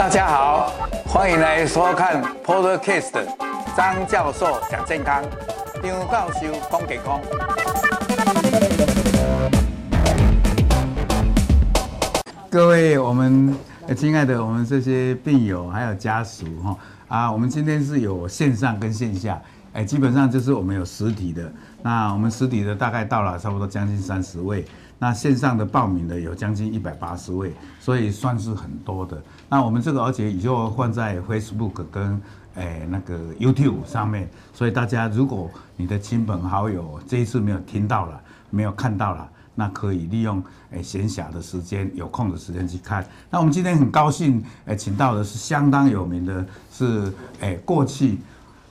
大家好，歡迎來收看 Podcast 的張教授講健康，張教授講健康。各位，我們親愛的，我們這些病友還有家屬哈啊，我們今天是有線上跟線下，哎，基本上就是我們有實體的。那我們實體的大概到了差不多將近三十位。那線上的報名的，有將近一百八十位，所以算是很多的。那我們這個而且也就放在 Facebook 跟誒、欸、那個 YouTube 上面，所以大家如果你的親朋好友這一次沒有聽到了，沒有看到了，那可以利用誒閒、欸、暇的時間，有空的時間去看。那我們今天很高興誒、欸，請到的是相當有名的是，是、欸、誒過去誒、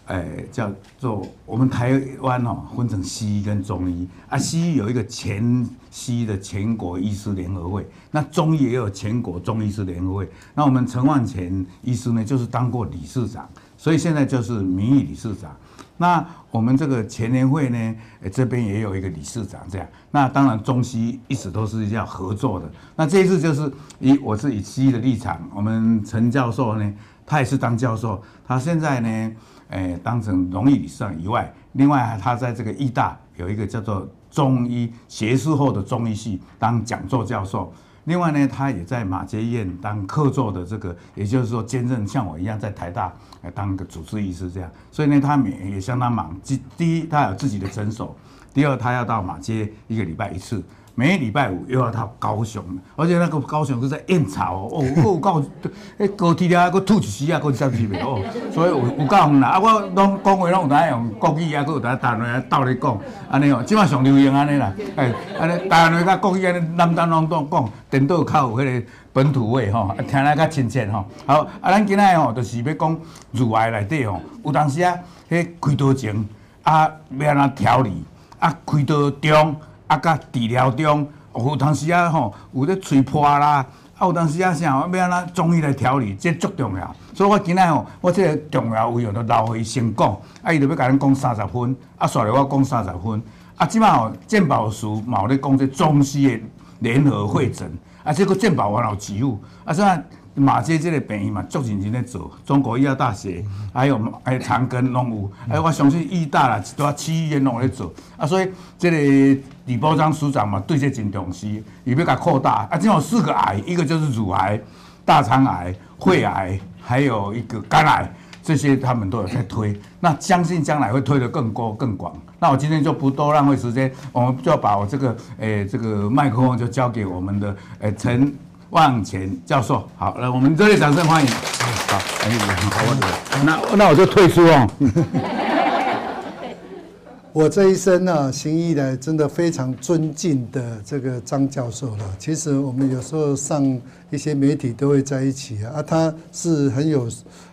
欸、叫做我們台灣哦、喔，分成西醫跟中醫啊，西醫有一個前。西的全國醫師聯合會，那中醫也有全國中醫師聯合會。那我們陳旺全醫師呢，就是當過理事長，所以現在就是名譽理事長。那我們這個全聯會呢，這邊也有一個理事長這樣。那當然中西醫一直都是要合作的。那這一次就是以我是以西醫的立場，我們陳教授呢，他也是當教授，他現在呢，誒、欸，當成榮譽理事長以外，另外他在這個醫大有一個叫做。中醫學士後的中醫系當講座教授，另外呢，他也在馬偕醫院當客座的這個，也就是說兼任像我一樣在台大來當個主治醫師這樣，所以呢，他每也相當忙。第一，他有自己的診所；第二，他要到馬偕一個禮拜一次。每禮拜五又要到高雄，而且那個高雄是在煙草哦，哦高，迄高鐵了，個吐一死啊，有像什麼樣哦？所以有有夠遠啦。啊！我攏講話攏有當用國語啊，個有台談來鬥來講，安尼哦，即馬上流行安尼啦，哎，安尼談來甲國語安尼南丹儂當講，頂多較有迄個本土話吼，聽來較親切吼。好，啊，咱今仔吼，就是要講乳癌內底吼，有當時啊，迄開刀前啊，要安怎調理啊？開刀中。啊，甲治療中，有當時啊吼，有咧嘴破啦，啊有當時啊啥，要安怎中醫來調理，這足、個、重要。所以我今仔吼，我這個重要位用都留互伊先講，啊，伊就要甲咱講三十分，啊，刷了我講三十分，啊，即擺吼健保署嘛有咧講這中西誒聯合會診，啊，這個健保，完了支付，啊，是啊。馬街這個病宜嘛，足認真咧做。中國醫藥大學，還有還有長庚攏有，哎， 還有我相信醫大啦，一多區醫院攏咧做。啊，所以這裡李伯璋署長嘛，對這真重視，又要佮擴大。啊，這種四個癌，一個就是乳癌、大腸癌、肺癌，還有一個肝癌，這些他們都有在推。那相信將來會推得更高更廣。那我今天就不多浪費時間，我們就要把我這個誒、欸、這個麥克風就交給我們的誒陳。欸陳旺全教授，好，來我們這裡掌聲歡迎。好，好，那那我就退出哦。 我這一生呢、啊，行醫以來真的非常尊敬的這個張教授了。其實我們有時候上一些媒體都會在一起啊，啊他是很有。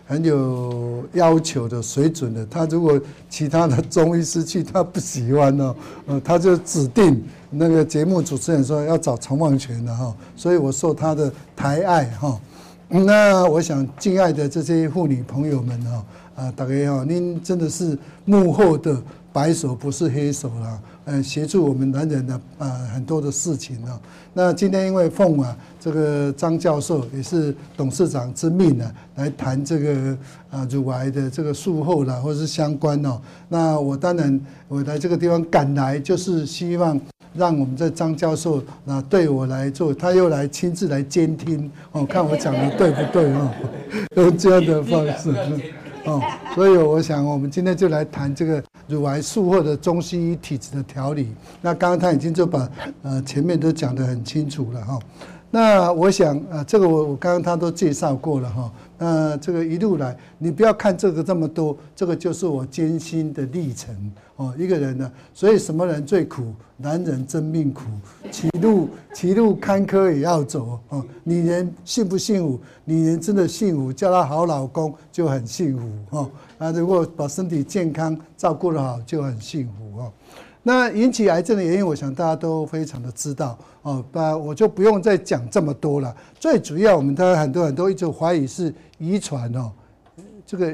很有要求的水準的，他如果其他的中醫師去，他不喜歡哦，呃，他就指定那個節目主持人說要找陳旺全的哈，所以我受他的抬愛哈。那我想敬愛的這些婦女朋友們啊，大家要您真的是幕後的白手，不是黑手了。呃、嗯，協助我們男人的呃很多的事情，哦。那今天因為奉啊這個張教授也是董事長之命呢，啊，來談這個啊、呃、乳癌的這個術後啦，或是相關哦。那我當然我來這個地方趕來，就是希望讓我們這張教授啊對我來做，他又來親自來監聽哦，看我講的對不對哦， 用這樣的方式。 哦，所以我想，我們今天就來談這個乳癌術後的中西醫體質的調理。那剛剛他已經就把呃前面都講得很清楚了哈。那我想啊，這個我我剛剛他都介紹過了哈。那這個一路來，你不要看這個這麼多，這個就是我艱辛的歷程。哦，一個人呢，所以什麼人最苦？男人真命苦，歧路歧路坎坷也要走哦。女人幸不幸福？女人真的幸福，叫她好老公就很幸福哦。那如果把身體健康照顧得好，就很幸福哦。那引起癌症的原因，我想大家都非常的知道哦，那我就不用再講這麼多了。最主要，我們當然很多人都一直懷疑是遺傳哦，這個。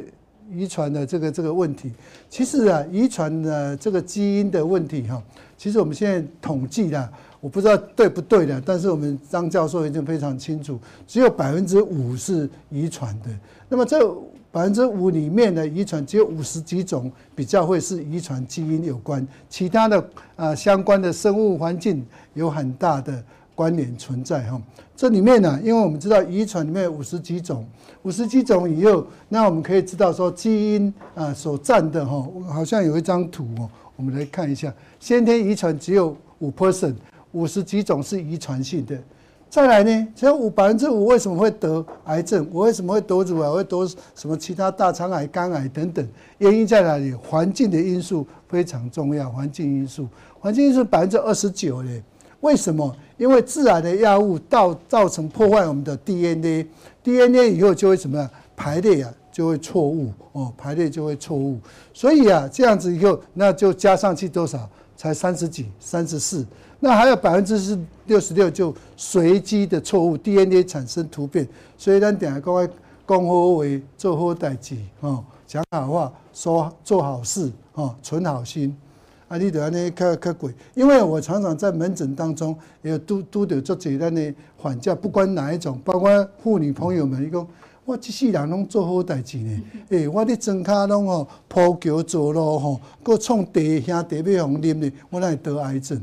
遺傳的這個這個問題，其實啊，遺傳的這個基因的問題哈，其實我們現在統計的，我不知道對不對的，但是我們張教授已經非常清楚，只有百分之五是遺傳的。那麼這百分之五裡面的遺傳，只有五十幾種比較會是遺傳基因有關，其他的啊相關的生物環境有很大的。關聯存在哈，這裡面呢啊，因為我們知道遺傳裡面有五十幾種，五十幾種以後，那我們可以知道說基因啊所占的哈，好像有一張圖哦，我們來看一下，先天遺傳只有五 percent，五十幾種是遺傳性的，再來呢，這五百分之五為什麼會得癌症？我為什麼會得乳癌？會得什麼其他大腸癌、肝癌等等？原因在哪裡？環境的因素非常重要，環境因素，環境因素百分之二十九嘞。為什麼？因為致癌的藥物到造成破壞我們的 DNA，DNA 以後就會什麼排列啊，就會錯誤哦，排列就會錯誤。所以啊，這樣子以後，那就加上去多少才三十幾、三十四？那還有百分之是六十六，就隨機的錯誤 DNA 產生突變。所以咱等於講，哎，恭賀為做後代基哦，講好話，說做好事哦，存好心。啊！你都安尼較較貴，因為我常常在門診當中，也拄拄著足濟咱的患者，不管哪一種，包括婦女朋友們，伊講我一世人攏做好代志、欸欸、呢，誒，我咧裝卡攏吼鋪橋造路吼，擱創茶兄弟要紅啉的，我哪會得癌症。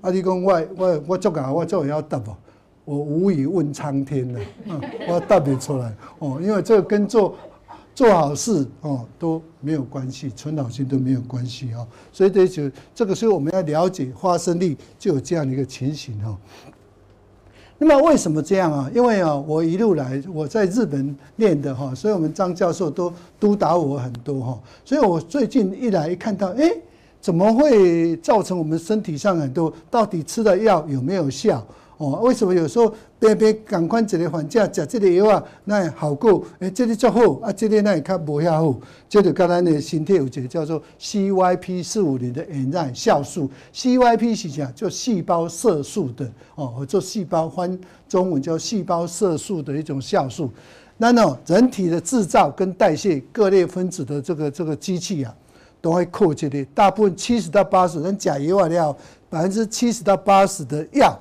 啊！你講我我我足夠，我足會曉答。哦，我無語問蒼天吶！嗯，我答不出來哦，因為這個跟做。做好事哦都沒有關係，存好心都沒有關係哦，所以這就這個時候我們要了解發生率，就有這樣的一個情形哦。那麼為什麼這樣啊？因為啊，我一路來我在日本念的哈，所以我們張教授都督導我很多哈，所以我最近一來一看到，哎、欸，怎麼會造成我們身體上很多？到底吃的藥有沒有效？哦，為什麼有時候變變同款子的患者吃這類藥啊，那好過，誒、欸，這類、個、較好，啊，這類那也較不遐好？這就、個、跟咱的身體有一個叫做 CYP 四五零的 enzyme 酵素，CYP 是講做細胞色素的哦，或做細胞翻中文叫細胞色素的一種酵素。那呢，人體的制造跟代謝各類分子的這個這個機器啊，都會扣這裡，大部分七十到八十，人甲一啊要百分之七十到八十的藥。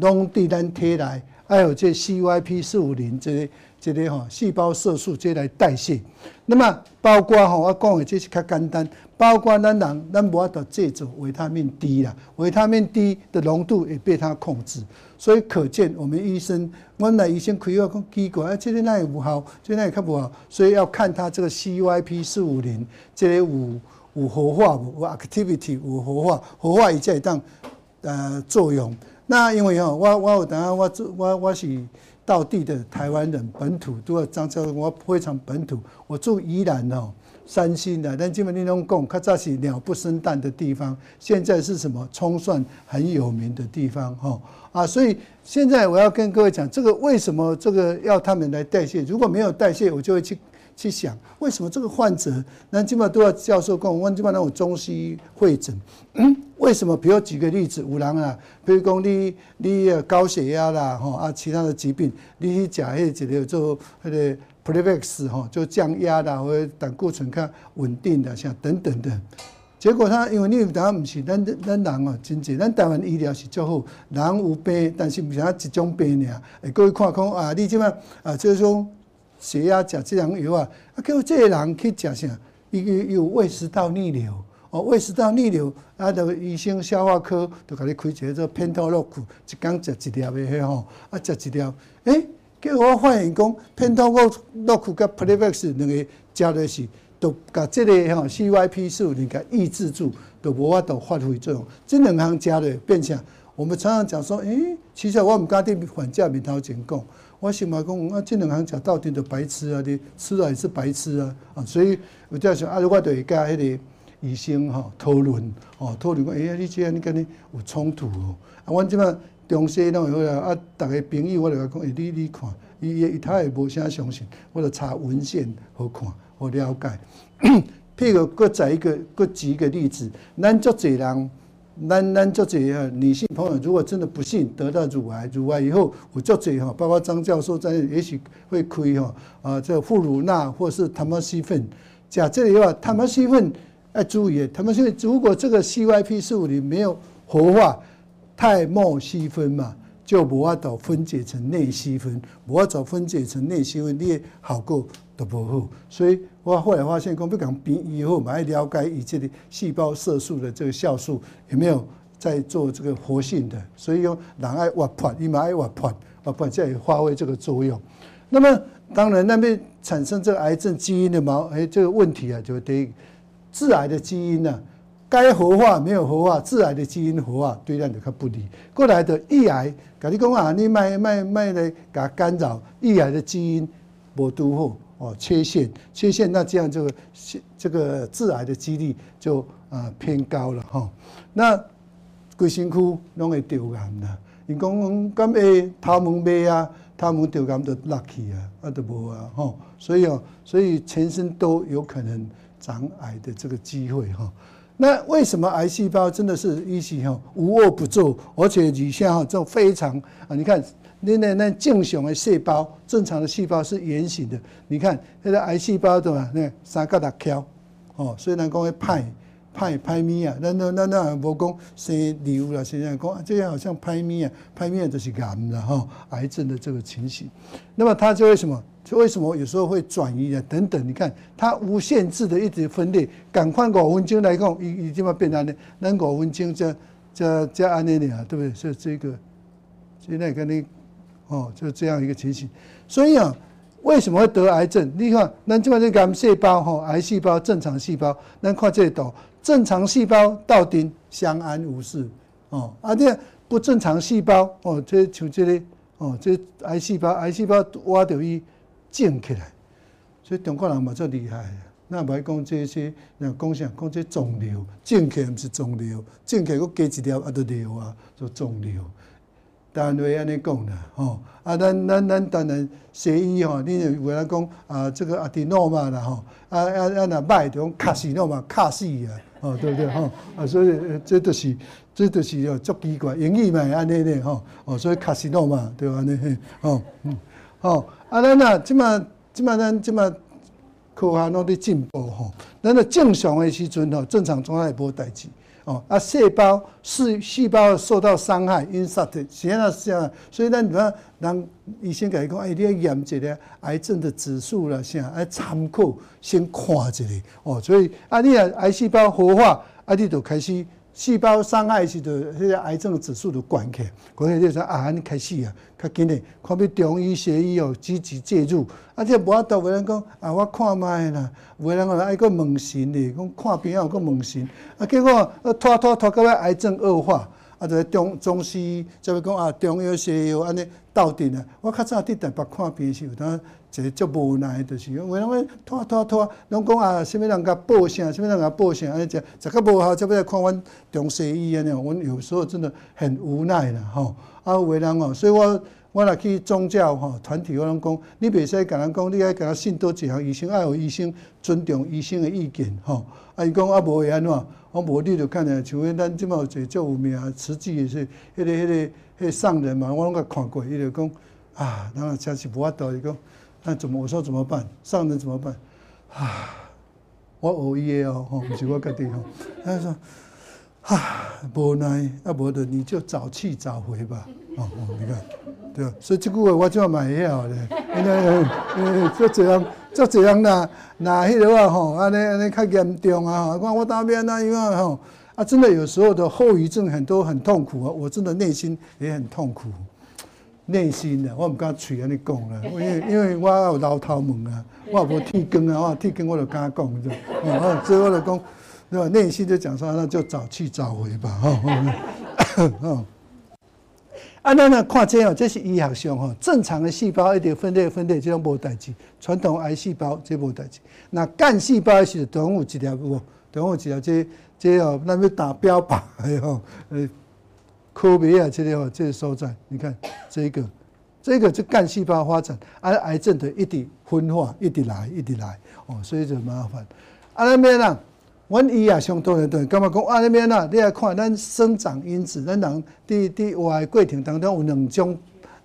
攏佇咱體內還有這 CYP 四五零，這個、這、個吼細胞色素，這個、來代謝。那麼包括吼，我講的這是較簡單，包括咱人咱無法度製造維他命 D 啦，維他命 D 的濃度也被它控制。所以可見我們醫生，我來醫生開藥講奇怪啊，這個那會有效，這個那也較不好。所以要看它這個 CYP 四五零，這個有有活化，無有 activity，有活化，活化伊才當呃作用。那因為哦，我有我等下我住我我是道地的台灣人，本土都要漳州，我非常本土。我住宜蘭哦，三星的，但基本你容共，卡早是鳥不生蛋的地方。現在是什麼蔥蒜很有名的地方哈啊！所以現在我要跟各位講，這個為什麼這個要他們來代謝？如果沒有代謝，我就會去。去想為什麼這個患者，那基本上都要教授講，我問，基本上都有中西會診，為什麼？比如舉個例子，有人啊，比如講你你呃高血壓啦，吼啊其他的疾病，你去食迄個叫做那個 p r 普利貝斯吼，那個、Plevex, 就降壓啦，或膽固醇較穩定的像等等的，結果他因為你大家唔是咱咱人哦、啊，真正咱台灣醫療是較好，人有病，但是唔是啊一種病呢。哎各位看看啊，你即嘛啊這種。就是說血壓食這樣藥啊，啊，叫這個人去食啥？伊伊有，有胃食道逆流，哦，胃食道逆流，啊，就醫生消化科就甲你開一個做偏托洛苦，一工食一粒的吼，啊，食一粒，誒、欸。結果我發現講偏托洛洛苦甲 Plavix 兩個食的是，就甲即個吼 CYP 四五零甲抑制住，就無法度發揮作用。即兩項食的變成，我們常常講說，誒、欸，其實我毋敢佇患者面頭前講。我想嘛講啊，即兩行食到底就白痴啊，你吃到也是白痴啊，啊、哦，所以有陣時啊，我就會跟迄個醫生吼、哦、討論，吼、哦、討論講，誒、欸、呀，即個樣你跟你有衝突吼、哦。啊，阮即擺中西醫攏會好，啊，逐個朋友我就會講，哎、欸，你你看，伊伊他,他也無啥相信，我就查文獻好看,看，互了解。譬如 再一個，再舉個,個例子，咱足儕人。男男作者啊，女性朋友如果真的不幸得到乳癌，乳癌以後我作者哈，包括張教授在內，也許會虧哈啊，這復乳納或是他莫西芬。講這裡的話，他莫西芬要注意，他莫西芬如果這個 CYP 四五零沒有活化，太莫西芬嘛。就無法度分解成內細分，無法度分解成內細分，你的效果都不好。所以我後來發現，講不講比以後，我們還了解以前的細胞色素的這個酵素有沒有在做這個活性的。所以用人愛挖破，你們愛挖破，挖破才會發揮這個作用。那麼當然那邊產生這個癌症基因的毛，哎、欸，這個問題啊就，就等於致癌的基因呢、啊。該活化沒有活化，致癌的基因活化，對咱就較不利。過來的抑癌，甲你講啊，你慢慢慢的甲干擾抑癌的基因不好，剝奪後哦缺陷，缺陷那這樣就這個、這個致癌的幾率就啊、呃、偏高了哈、哦。那規身軀攏會得癌的，你講講，今下頭門買啊，他們得癌都落去啊，啊都無啊吼。所以哦，所以全身都有可能長癌的這個機會哈。哦那為什麼癌細胞真的是意思吼無惡不作，而且底下吼這種非常啊？你看那那那正常的細胞，正常的細胞是圓形的，你看那個癌細胞對吧？那三疙瘩翹哦，所以難怪派派派咪啊，那那那那不講誰禮物啦，誰講講這些好像派咪啊，派咪啊就是癌了哈，癌症的這個情形。那麼它就會什麼？為什麼有時候會轉移啊？等等，你看它無限制的一直分裂，趕快搞分鐘來，共一已定要變癌的，能分分鐘加加加安點點啊，對不對？所以這個，現在肯定哦，就這樣一個情形。所以啊，為什麼會得癌症？你看，咱這邊就講細胞哈，癌細胞、正常細胞，咱看這圖，正常細胞到底相安無事哦，啊，你不正常細胞哦，這像這裡、個、哦，這癌細胞，癌細胞挖掉伊。長起來，所以中國人嘛則厲害，咱唔係講即個說，若講啥講即個腫瘤，長起來毋是腫瘤，長起來個加一粒啊著瘤啊，做腫瘤。但為安尼講啦，吼啊，咱咱咱當然西醫吼，你有人講啊即個阿佇諾嘛啦吼，啊啊啊若歹著講卡西諾嘛卡西啊，吼，對不對吼？啊所以這著是這著是叫足奇怪英語嘛安尼咧吼，哦所以卡西諾嘛對安尼嘿？哦嗯。哦，啊，咱啊，即馬、即馬、咱、哦、即馬科學攏佇進步吼。咱在正常誒時陣吼，正常總愛無代誌。吼、哦。啊，細胞是細胞受到傷害、因殺掉，是安尼是安尼。所以咱你看，人醫生甲伊講，哎，你要驗一個癌症的指數啦，先來參考，先看一下。哦，所以啊，你啊，癌細胞活化，啊，你著開始。細胞傷害是着，迄個癌症指數就懸起了。過去就是阿漢、啊啊、開始啊，較緊呢。看能中醫西醫又積極介入，啊，即無啊，斗袂人講啊，我、啊、看麥啦，袂人愛講、啊、問神的，講看病啊有問神，啊，結果拖拖拖到尾癌症惡化，啊，就中中西醫就要講啊，中醫西醫安尼鬥陣的。我較早佇台北看病是有當。一個就是足無奈，就是因為講拖拖拖，攏講啊，啥物人甲報啥？啥物人甲報啥？安尼只，只個無效，只要來看阮中西醫安尼。阮有時候真的很無奈啦，吼啊，有為人哦，所以我我若去宗教吼團體我攏講，汝袂使甲人講，汝愛甲信佗一項，醫生愛學醫生，有醫生尊重醫生個意見，吼。啊，伊講啊，無會安怎，我無汝着看咧，像阮咱即滿有儕足有名啊，慈濟是迄、那個迄、那個迄、那個那個、上人嘛，我攏甲看過，伊就講啊，人啊誠實無法度，伊講。那、啊、怎麼？我說怎麼辦？上人怎麼辦？啊，我熬夜哦，吼，是我在定吼。他說，啊，無奈，那沒得，不你就早去早回吧。哦，哦，你看，對吧？所以這句話我就要買藥了。你、欸、看，這、欸欸、這樣，這這樣那，那那個，那那，較嚴重啊。我我打扁那，因為吼，啊，真的有時候的後遺症很多，很痛苦啊。我真的內心也很痛苦。內心的我唔敢嘴安尼講啦，因為因為我有老頭門啊，我無剃光啊，我剃光我就敢講、 哦，所以我就講，內心就講說，那就早去早回吧。哦 哦、啊，那那看這哦、個，這是醫學上正常的細胞一直分裂分裂，這種無代志；傳統癌細胞這無代志。那幹細胞是總有一條，總有一條這這哦，那要打標靶，哎呦，科比啊，這個哦，這個所在，你看這個，這個就幹細胞發展癌癌症的一直分化，一直來，一直來哦，所以就麻煩。啊那邊啊，阮醫啊相對的，幹嘛講啊那邊啊，你來看咱生長因子，咱人佇佇活的過程當中有兩種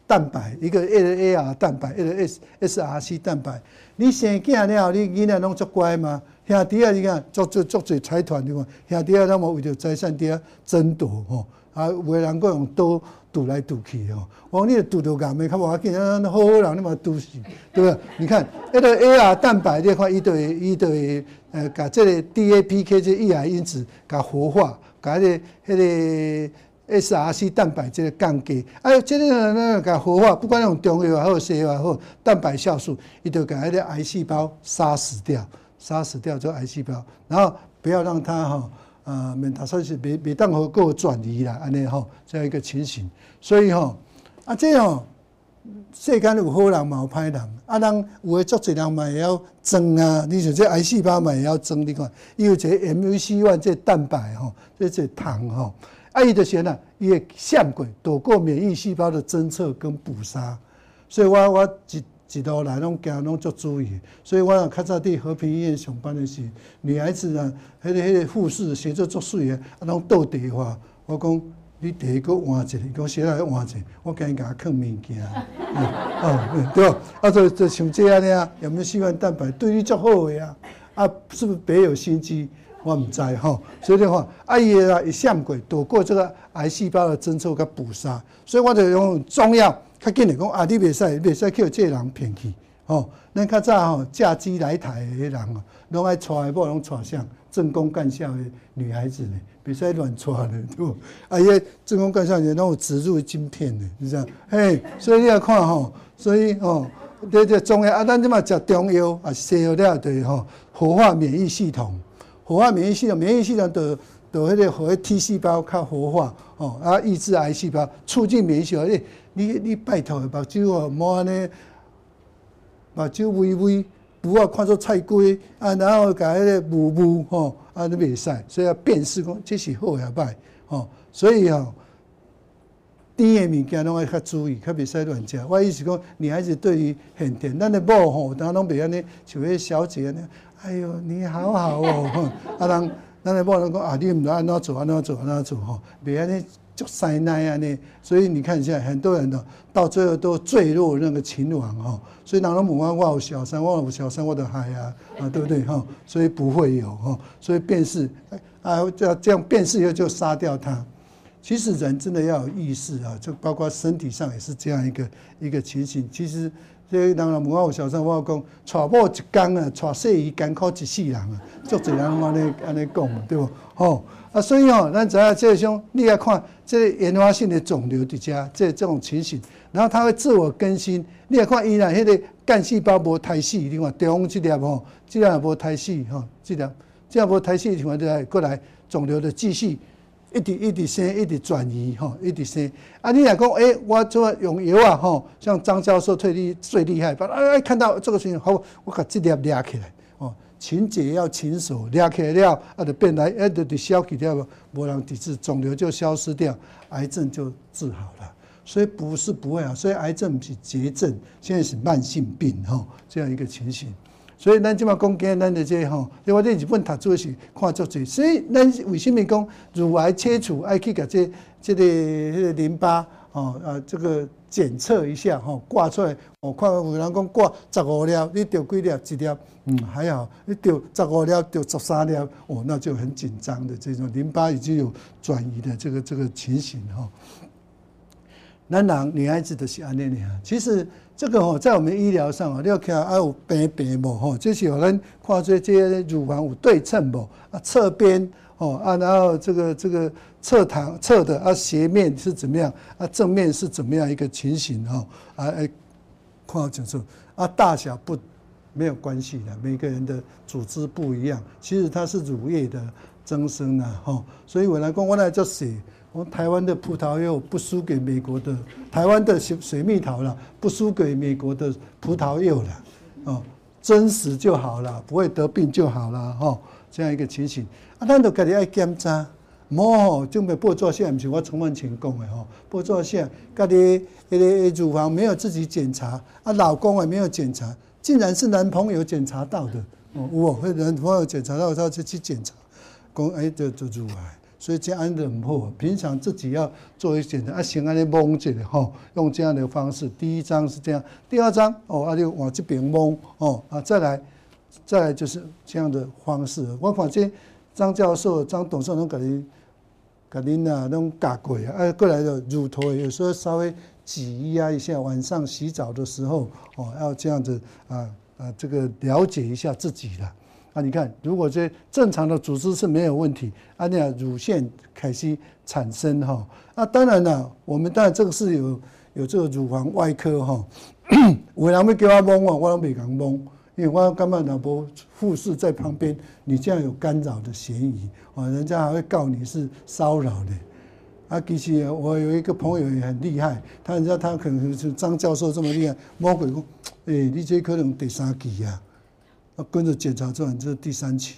蛋白，一個 L A R 蛋白，一個 S S R C 蛋白。你生囝了後，你囡仔攏作乖嘛？兄弟啊，你看作作作儕財團你看，兄弟啊，那無為着財產佇遐爭奪吼？哦啊，有的人過用刀堵來堵去哦。我講你堵都干，沒看我阿囝，那、啊、好好人你嘛堵死， 對不對？你看，那個 A R 蛋白你看，伊都會，伊都會呃，把這個 D A P K 這個抑癌因子給活化，把這迄個 S R C 蛋白這個降低。啊，這個呢這給活化，不管用中藥也好，西藥也好，蛋白酵素，伊就給那個癌細胞殺死掉，殺死掉這癌細胞，然後不要讓它哈。哦啊，免達算是未未當好個轉移啦，安尼吼這樣一個情形，所以吼、喔、啊，這樣世間有好人嘛，有歹人，啊，人有的做儕人嘛也要爭啊，你像這癌細胞嘛也要爭，你看，伊有這 MUC 一萬這蛋白吼、喔，這這糖吼、喔，啊，伊著先吶，伊會閃過，躲過免疫細胞的偵測跟捕殺，所以我我一。起到來攏驚攏足注意，所以我喺較早地和平醫院上班的時候，女孩子啊，迄、那個迄、那個護士寫著足水，啊，攏倒地話，我講你第一換一個，伊講寫來換一個，我驚伊甲我囥物件，嗯、 哦，對，啊，就就像這安尼啊， 有沒有細胞蛋白？對你足好個啊，啊，是不是別有心機？我唔知吼、哦，所以的話，阿姨啊，一閃過躲過這個癌細胞的增生個捕殺，所以我就用中藥。較緊誒講，啊，你袂使袂使去互即個人騙去，吼、哦！咱較早吼嫁雞來台誒迄人哦，攏愛娶誒某，無攏娶啥？政工幹校誒女孩子呢，袂使亂娶嘞，對無啊迄個政工幹校呢，攏有植入芯片誒，是這樣。嘿，所以你要看吼、哦，所以吼，你、哦、這、就是、中誒啊，咱你嘛食中藥啊，西藥了對吼，活化免疫系統，活化免疫系統，免疫系統著著迄個互迄個 T 細胞較活化吼啊、哦，抑制癌細胞，促進免疫。細、欸、胞你你拜託目睭哦，莫安尼目睭微微，不要看做菜瓜啊，然後甲迄個霧霧吼安尼袂使，所以要辨識講，即是好抑歹吼，所以吼、哦、甜誒物件攏要較注意，較袂使亂食。我意思講，女孩子對於很甜，咱誒某吼，當攏袂安尼，像迄小姐安尼，哎喲，你好好哦，嗯、 啊人咱誒某人講啊，你毋知安怎做，安怎做，安怎做吼，袂安尼。就啊，那所以你看現在很多人呢，到最後都墜落那個情網。所以哪能母王化我小三，化我小三，我的孩啊，啊對不對哈？所以不會有哈，所以變是啊，這樣變是以後就殺掉他。其實人真的要有意識啊，就包括身體上也是這樣一個一個情形。其實。所以，人啊問我有小三，我講娶某一天啊，娶小姨，艱苦一世人啊，足儕人攏安尼安尼講對不？吼、嗯、啊、哦，所以吼、哦，咱知影即種，你要看這個原發性的腫瘤佇遮，這個、這種情形，然後它會自我更新。你要看它那，依然迄個幹細胞無胎死你看中間一粒吼，一粒無胎死吼，一粒一粒無胎死的情況下，過來腫瘤的繼續。一直一直生，一直轉移哈，一直生啊！你講講哎，我怎麼用藥啊？哈，像張教授推最厲最厲害，把哎看到這個情形好，我把這粒抓起來哦，鉗子要鉗手抓起來了，啊就變來，哎就就消失掉，無人抵制腫瘤就消失掉，癌症就治好了。所以不是不會啊，所以癌症不是絕症，現在是慢性病哈，這樣一個情形。所以咱即馬講起，咱的即吼，另外在日本讀書的是看作最。所以咱為什麼講乳癌切除，愛去甲即即個迄個淋巴哦啊？這個檢測一下吼，掛出來哦，看有人講掛十五粒你丟幾粒幾粒，嗯，還好，你丟十五粒丟十三粒，哦，那就很緊張的這種淋巴已經有轉移的這個這個情形哈。男人女孩子都是安呢，其實。這個在我們醫療上，你要看啊有白白的，吼，就是有人看這些乳房有對稱無啊，側邊哦，啊然後這個這個側躺側的啊斜面是怎麼樣啊，正面是怎麼樣一個情形哦啊啊，括號結啊大小不，沒有關係的，每個人的組織不一樣，其實它是乳液的增生，所以我來講，我來就是。台灣的葡萄柚不輸給美國的，台灣的水蜜桃了，不輸給美國的葡萄柚了，哦，真實就好了，不會得病就好了，吼、哦，這樣一個情形。啊，咱都家己要檢查，莫準備不做線，哦、不是我從前講的，我充分成功誒，吼，不做線，家己誒乳房沒有自己檢查，啊，老公也沒有檢查，竟然是男朋友檢查到的，哦，我、哦、男朋友檢查到，他就去檢查，講哎，這這乳癌。所以這樣安的很好，平常自己要做一些的啊，先安的摸着的哈，用這樣的方式。第一張是這樣，第二張哦，他就往這邊摸哦啊，再來，再來就是這樣的方式。我反正張教授、張董事長都給您、給您啊那種教過啊，過來的乳頭有時候稍微擠壓一下，晚上洗澡的時候哦，要這樣子啊啊，這個了解一下自己了。啊，你看，如果這正常的組織是沒有問題，啊，那乳腺開始產生哈，啊，當然了、啊，我們當然這個是有有這個乳房外科哈，有人要叫我摸啊，我都不敢摸，因為我要幹嘛？老婆護士在旁邊，你這樣有干擾的嫌疑，啊，人家還會告你是騷擾的。啊，其實、啊、我有一個朋友也很厲害，他人家他可能是張教授這麼厲害，摸過以後，哎、欸，你這可能第三期啊。跟着檢查做完，這，就是第三期。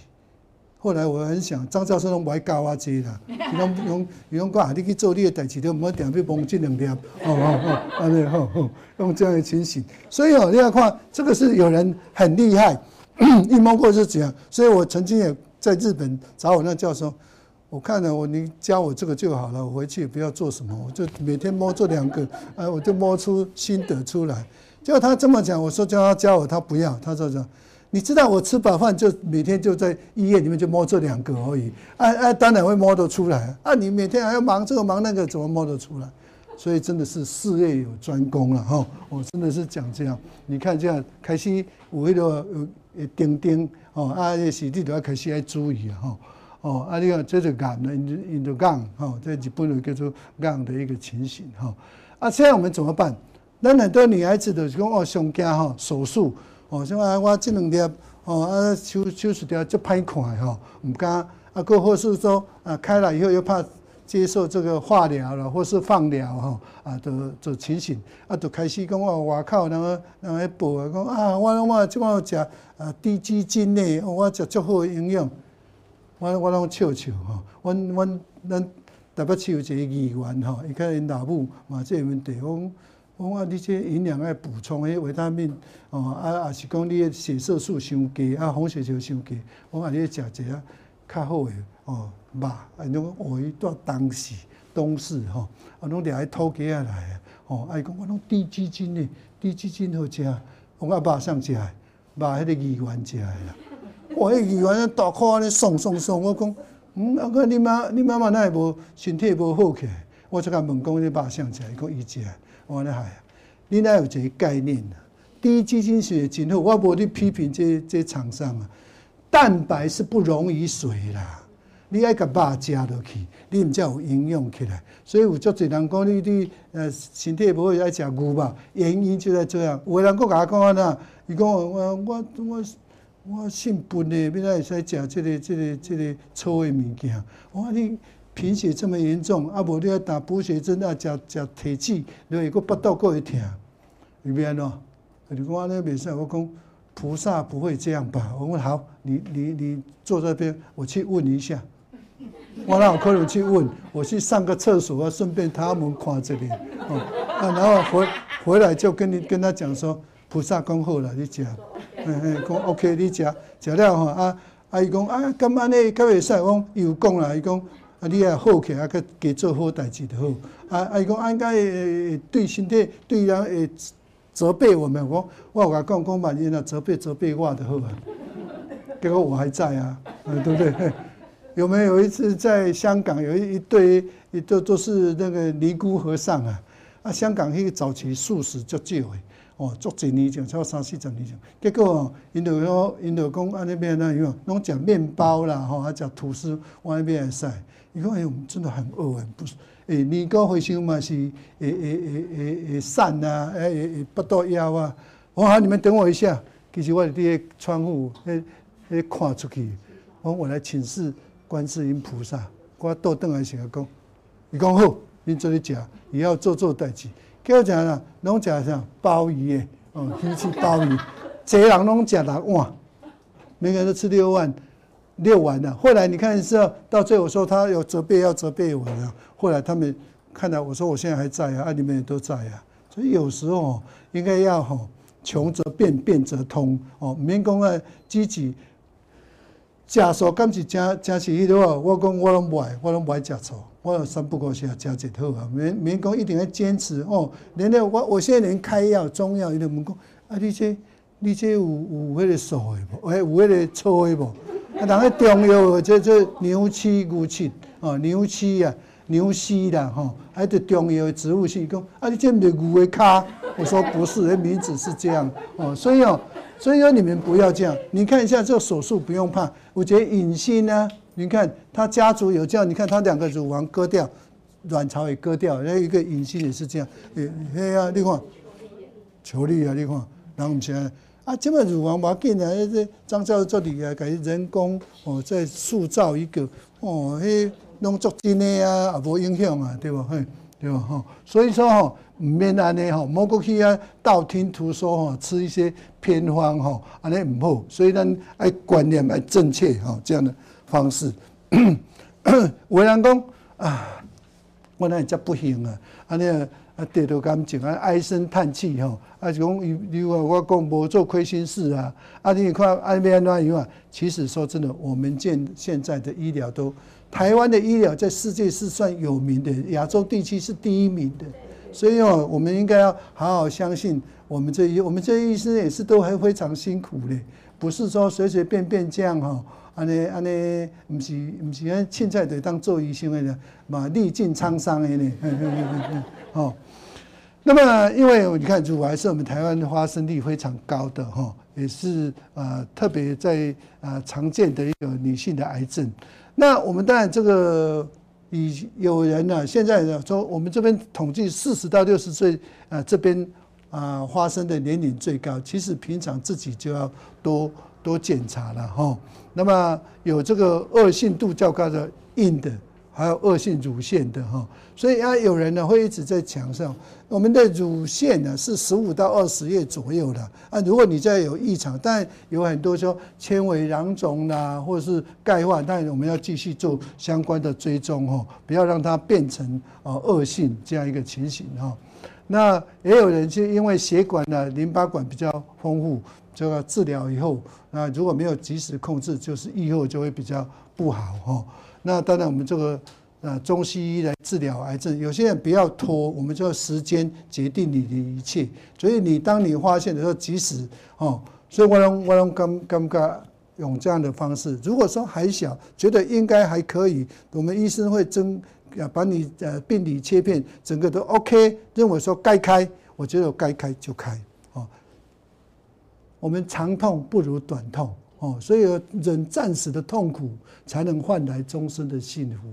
後來我很想，張教授攏買嘎壓機的，你用，你儂掛，你去做你個代誌，都唔好頂日幫記兩遍。哦哦哦，安尼吼吼，用這樣的清醒。所以哦，你要看，這個是有人很厲害， 一摸過就這樣。所以我曾經也在日本找我那教授，我看了我你教我這個就好了，我回去也不要做什麼，我就每天摸這兩個，啊，我就摸出心得出來。結果他這麼講，我說叫他教我，他不要，他說說。你知道我吃飽飯就每天就在醫院裡面就摸這兩個而已，啊啊，啊，當然會摸得出來啊，啊！你每天還要忙這個忙那個，怎麼摸得出來？所以真的是事業有專攻了哈！我真的是講這樣。你看這樣，開始，我這個呃釘釘哦，啊，啊，是這要開始要注意哈。哦，啊，啊，你看做做硬的，硬硬的硬哈，這一般就、啊就啊、這叫做硬的一個情形哈。啊，啊，現在我們怎麼辦？那很多女孩子都是跟我相講哈，手術。哦，即啊，我即兩粒，哦，啊手手術條足歹看吼，毋敢，啊，過後是說，啊，開了以後又拍接受這個化療咯，或是放療吼。啊，着着清醒，啊，着開始講哦，我外口，那個那個補啊，講啊，我我即馬食啊低脂精哦，我食足好營養，我我攏笑笑吼，阮阮咱特別笑一，笑我我一個議員吼，伊甲因老母嘛，即個問題講。我講你這個營養愛補充，迄個維他命吼、哦，啊，也是講你的血色素傷低，啊，紅血球傷低，我、啊、講你食一下較好誒、哦，吼肉，啊儂下一段當食，當食吼，啊儂下咧土雞來來，吼，啊講我儂滴雞精呢，滴雞精好食，我啊肉上食，阿肉迄個魚丸食誒啦，我迄魚丸大塊，安尼鬆松松，我講，啊講恁媽，恁媽媽那會無身體無好起來，我即甲問講，迄個肉上食伊講伊食。我講的系啊，你哪有一個概念啊？一基金血真好，我無會批評這這廠商啊。蛋白是不溶於水的啦，你愛甲肉食落去，你毋才有營養起來。所以有足儕人講你你呃身體無好愛食牛肉，原因就在這樣。有個人擱甲我講啊，伊講我我我我姓本的，要、哪會使食即個即個即個粗的物件？我講你。貧血這麼嚴重，啊，無你要打補血針，啊，食食鐵劑，然後又個巴肚個會痛會，有咩咯？我講阿那面上，我講菩薩不會這樣吧？我講好你，你你你坐在這邊，我去問一下。我哪有可能去問，我去上個廁所啊，順便他們看這邊，啊，然後回回來就跟你跟他講說，菩薩講好了，你吃，嗯，講 OK，你吃，吃了哈，啊，阿伊講啊，今安尼敢會使又講啦。伊講。啊，你啊好起來啊，加做好代志著好。啊啊，伊講啊，應該會對身體對人會責備我們，我我講講，版音啊責備責備我著好啊。結果我還在啊，啊 對不對？有沒有一次在香港有一對一對，都都是那個尼姑和尚啊。啊，香港迄個早期素食足少的，哦，足一年前，差不多三四十年前。結果哦，因著講因著講安尼那安那樣攏食麵包啦，吼、啊，啊食吐司，我那邊還塞。你看，哎、欸，我們真的很餓，不是？哎、欸，尼姑和尚嘛是，哎哎哎哎哎散吶，哎哎腹肚枵啊。我、欸、喊、欸啊、你們等我一下，其實我佇個窗戶，那、欸、那、欸、看出去。我我來請示觀世音菩薩，我坐凳來想要講，你講好，恁出去吃，也要做做代志。叫我吃啥？儂吃啥鮑魚誒？哦，天之鮑魚，儕人攏吃六碗。每個人都吃六碗。練完了，後來你看，是到最後說他有責備，要責備我了。後來他們看到我說，我現在還在啊，啊，你們也都在啊。所以有時候應該要吼，窮則變，變則通哦。免講啊，自己假手敢是加加是迄對吧？我講我攏無愛，我攏無愛假手，我有三不五時啊，加起好啊。免免講，一定要堅持哦。連的我我現在連開藥、中藥，伊都毋講啊，你這你這有有迄個熟的無，哎，有迄個粗的無。啊，人家中藥，這這牛膝、牛膝哦，牛膝啊，牛膝啦，吼、哦，還著中藥的植物性，講啊，你這毋是牛的卡？我說不是，人 名字是這樣哦，所以哦，所以說你們不要這樣。你看一下這手術不用怕，我覺得影星呢，你看他家族有這樣，你看他兩個乳房割掉，卵巢也割掉，還一個影星也是這樣，哎、欸、呀、啊，求立啊，立光，讓我們現在啊，即嘛乳房無要緊啊，伊這張教授這裡啊，給人工哦，再塑造一個哦，迄弄作真呢啊，啊無影響啊，對不？嘿，對不？吼，所以說吼，唔免安尼吼，莫過去啊，道聽途說吼，吃一些偏方吼，安尼唔好。所以咱愛觀念愛正確吼，這樣的方式。 有人講，啊，我那裡不幸啊，安尼。啊，對著感情啊，唉聲嘆氣吼，啊就講，如果我講無做虧心事啊，啊你看安邊安那樣啊，其實說真的，我們現現在的醫療都，台灣的醫療在世界是算有名的，亞洲地區是第一名的，所以啊，我們應該要好好相信我們這醫，我們這醫生也是都很非常辛苦的，不是說隨隨便便這樣吼，安尼安尼，唔、啊啊、是唔是安凊彩的當做醫生的啦，嘛歷盡滄桑的 那麼，因為你看，乳癌是我們台灣發生率非常高的哈，也是呃特別在呃常見的一個女性的癌症。那我們當然這個已有人呢、啊，現在說我們這邊統計，四十到六十歲啊這邊啊發生的年齡最高。其實平常自己就要多多檢查了哈。那麼有這個惡性度較高的硬的。還有惡性乳腺的哈，所以啊，有人呢會一直在強調，我們的乳腺呢是十五到二十葉左右的啊。如果你在有異常，但有很多說纖維囊腫啊或者是鈣化，但我們要繼續做相關的追蹤哦，不要讓它變成呃惡性這樣一個情形哈。那也有人是因為血管呢、淋巴管比較豐富，這個治療以後那如果沒有及時控制，就是預後就會比較不好哈。那當然，我們這個呃中西醫來治療癌症，有些人不要拖，我們就要時間決定你的一切。所以你當你發現的時候及時哦，所以我能我能剛剛剛用這樣的方式。如果說還小，覺得應該還可以，我們醫生會真把你呃病理切片，整個都 OK，認為說該開，我覺得該開就開哦。我們長痛不如短痛。哦，所以忍暫時的痛苦，才能換來終身的幸福。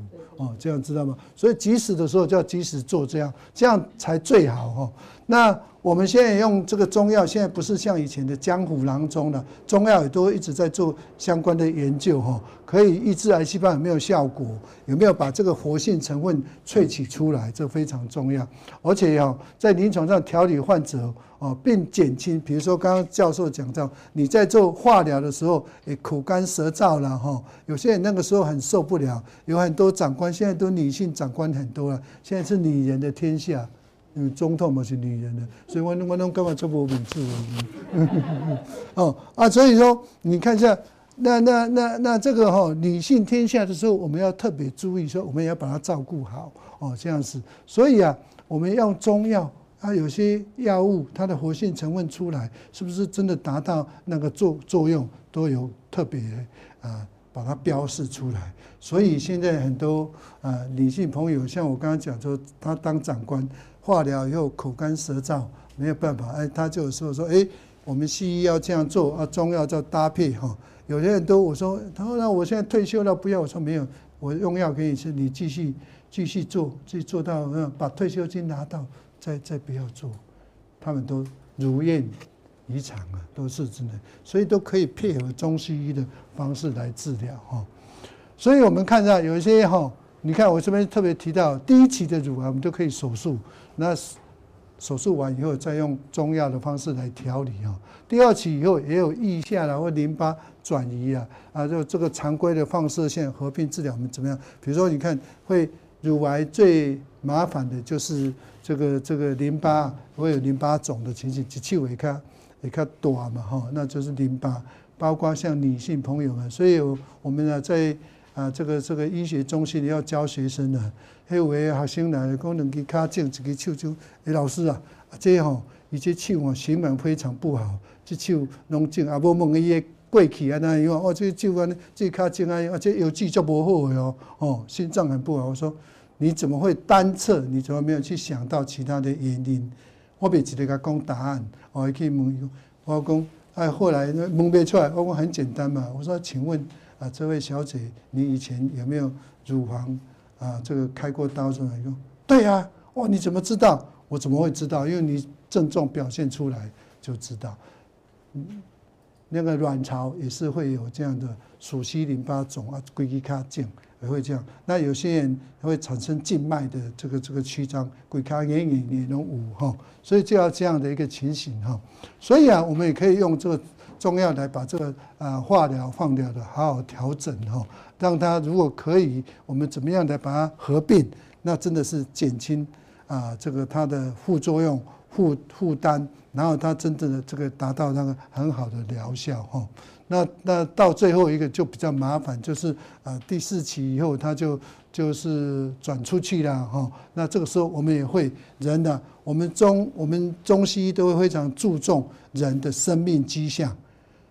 哦，這樣知道嗎？所以及時的時候就要及時做，這樣這樣才最好。哦。那我們現在用這個中藥，現在不是像以前的江湖郎中了。中藥也都一直在做相關的研究，可以抑制癌細胞有沒有效果？有沒有把這個活性成分萃取出來？這非常重要。而且要在臨床上調理患者哦，並減輕。比如說，剛剛教授講到，你在做化療的時候，哎，口乾舌燥了，哈，有些人那個時候很受不了。有很多長官現在都女性長官很多了，現在是女人的天下。因為中痛嘛，是女人的，所以關東關東我，嘛我，沒面子？哦啊，所以說你看一下那，那那那那這個哈，女性天下的時候，我們要特別注意，說我們也要把它照顧好哦，這樣子。所以啊，我們用中藥，它有些藥物它的活性成分出來，是不是真的達到那個作作用，都有特別啊把它標示出來。所以現在很多啊女性朋友，像我剛剛講說，她當長官。化療以後口乾舌燥沒有辦法，哎、他就有時候說，哎、欸，我們西醫要這樣做，啊，中藥再搭配哈。有些人都我說，他說那我現在退休了，不要我說沒有，我用藥給你吃，你繼續繼續做，繼續做到嗯把退休金拿到，再再不要做，他們都如願以償啊，都是真的，所以都可以配合中西醫的方式來治療哈。所以我們看到有一些哈，你看我這邊特別提到第一期的乳癌，我們都可以手術。那手術完以後，再用中藥的方式來調理啊、哦。第二期以後也有腋下啦或淋巴轉移啊啊，就這個常規的放射線合併治療，我們怎麼樣？比如說，你看，會乳癌最麻煩的就是這個這個淋巴、啊、會有淋巴腫的情形。脊椎你看，你看短嘛哈、哦，那就是淋巴。包括像女性朋友們，所以我們呢、啊、在啊這個這個醫學中心你要教學生呢、啊。迄位學生來，講，兩隻骹腫，一個手腫。誒、欸，老師啊，啊，這吼、哦，伊這手啊，血運非常不好，這手攏腫，啊，不問過啊，不猛個伊跪起來，那伊講，哦，這手啊，這腳腫啊，而且有氣做不好的哦，哦，心臟很不好。我說，你怎麼會單側？你怎麼沒有去想到其他的原因？我別直接佮講答案，我也可以問，我講，哎、啊，後來問袂出來，我講很簡單嘛。我說，請問啊，這位小姐，你以前有沒有乳房？啊，這個開過刀是用來用，對呀、啊，哦，你怎麼知道？我怎麼會知道？因為你症狀表現出來就知道。嗯，那個卵巢也是會有這樣的，鼠蹊淋巴腫啊，龜基卡頸也會這樣。那有些人會產生靜脈的這個這個曲張，龜卡眼影也能捂哈，所以就要這樣的一個情形哈。所以啊，我們也可以用這個。中藥來把這個啊化療放療的好好調整吼，讓它如果可以，我們怎麼樣來把它合併？那真的是減輕啊這個它的副作用負負擔，然後它真正的這個達到那個很好的療效吼。那那到最後一個就比較麻煩，就是呃第四期以後他就就是轉出去了哈。那這個時候我們也會人呢、啊，我們中我們中西醫都會非常注重人的生命跡象。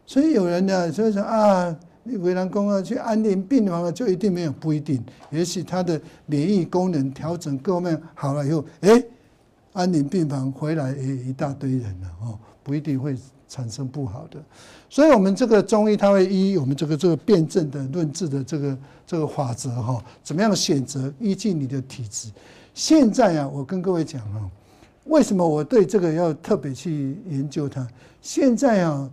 所以有人呢，所以說啊，圍難宮啊，去安寧病房啊，就一定沒有？不一定，也許他的免疫功能調整各方面好了以後，哎、欸，安寧病房回來也一大堆人了哦，不一定會產生不好的。所以，我們這個中醫，他會依我們這個這個辯證的論治的這個這個法則哈，怎麼樣選擇依據你的體質？現在啊，我跟各位講啊，為什麼我對這個要特別去研究它？現在啊。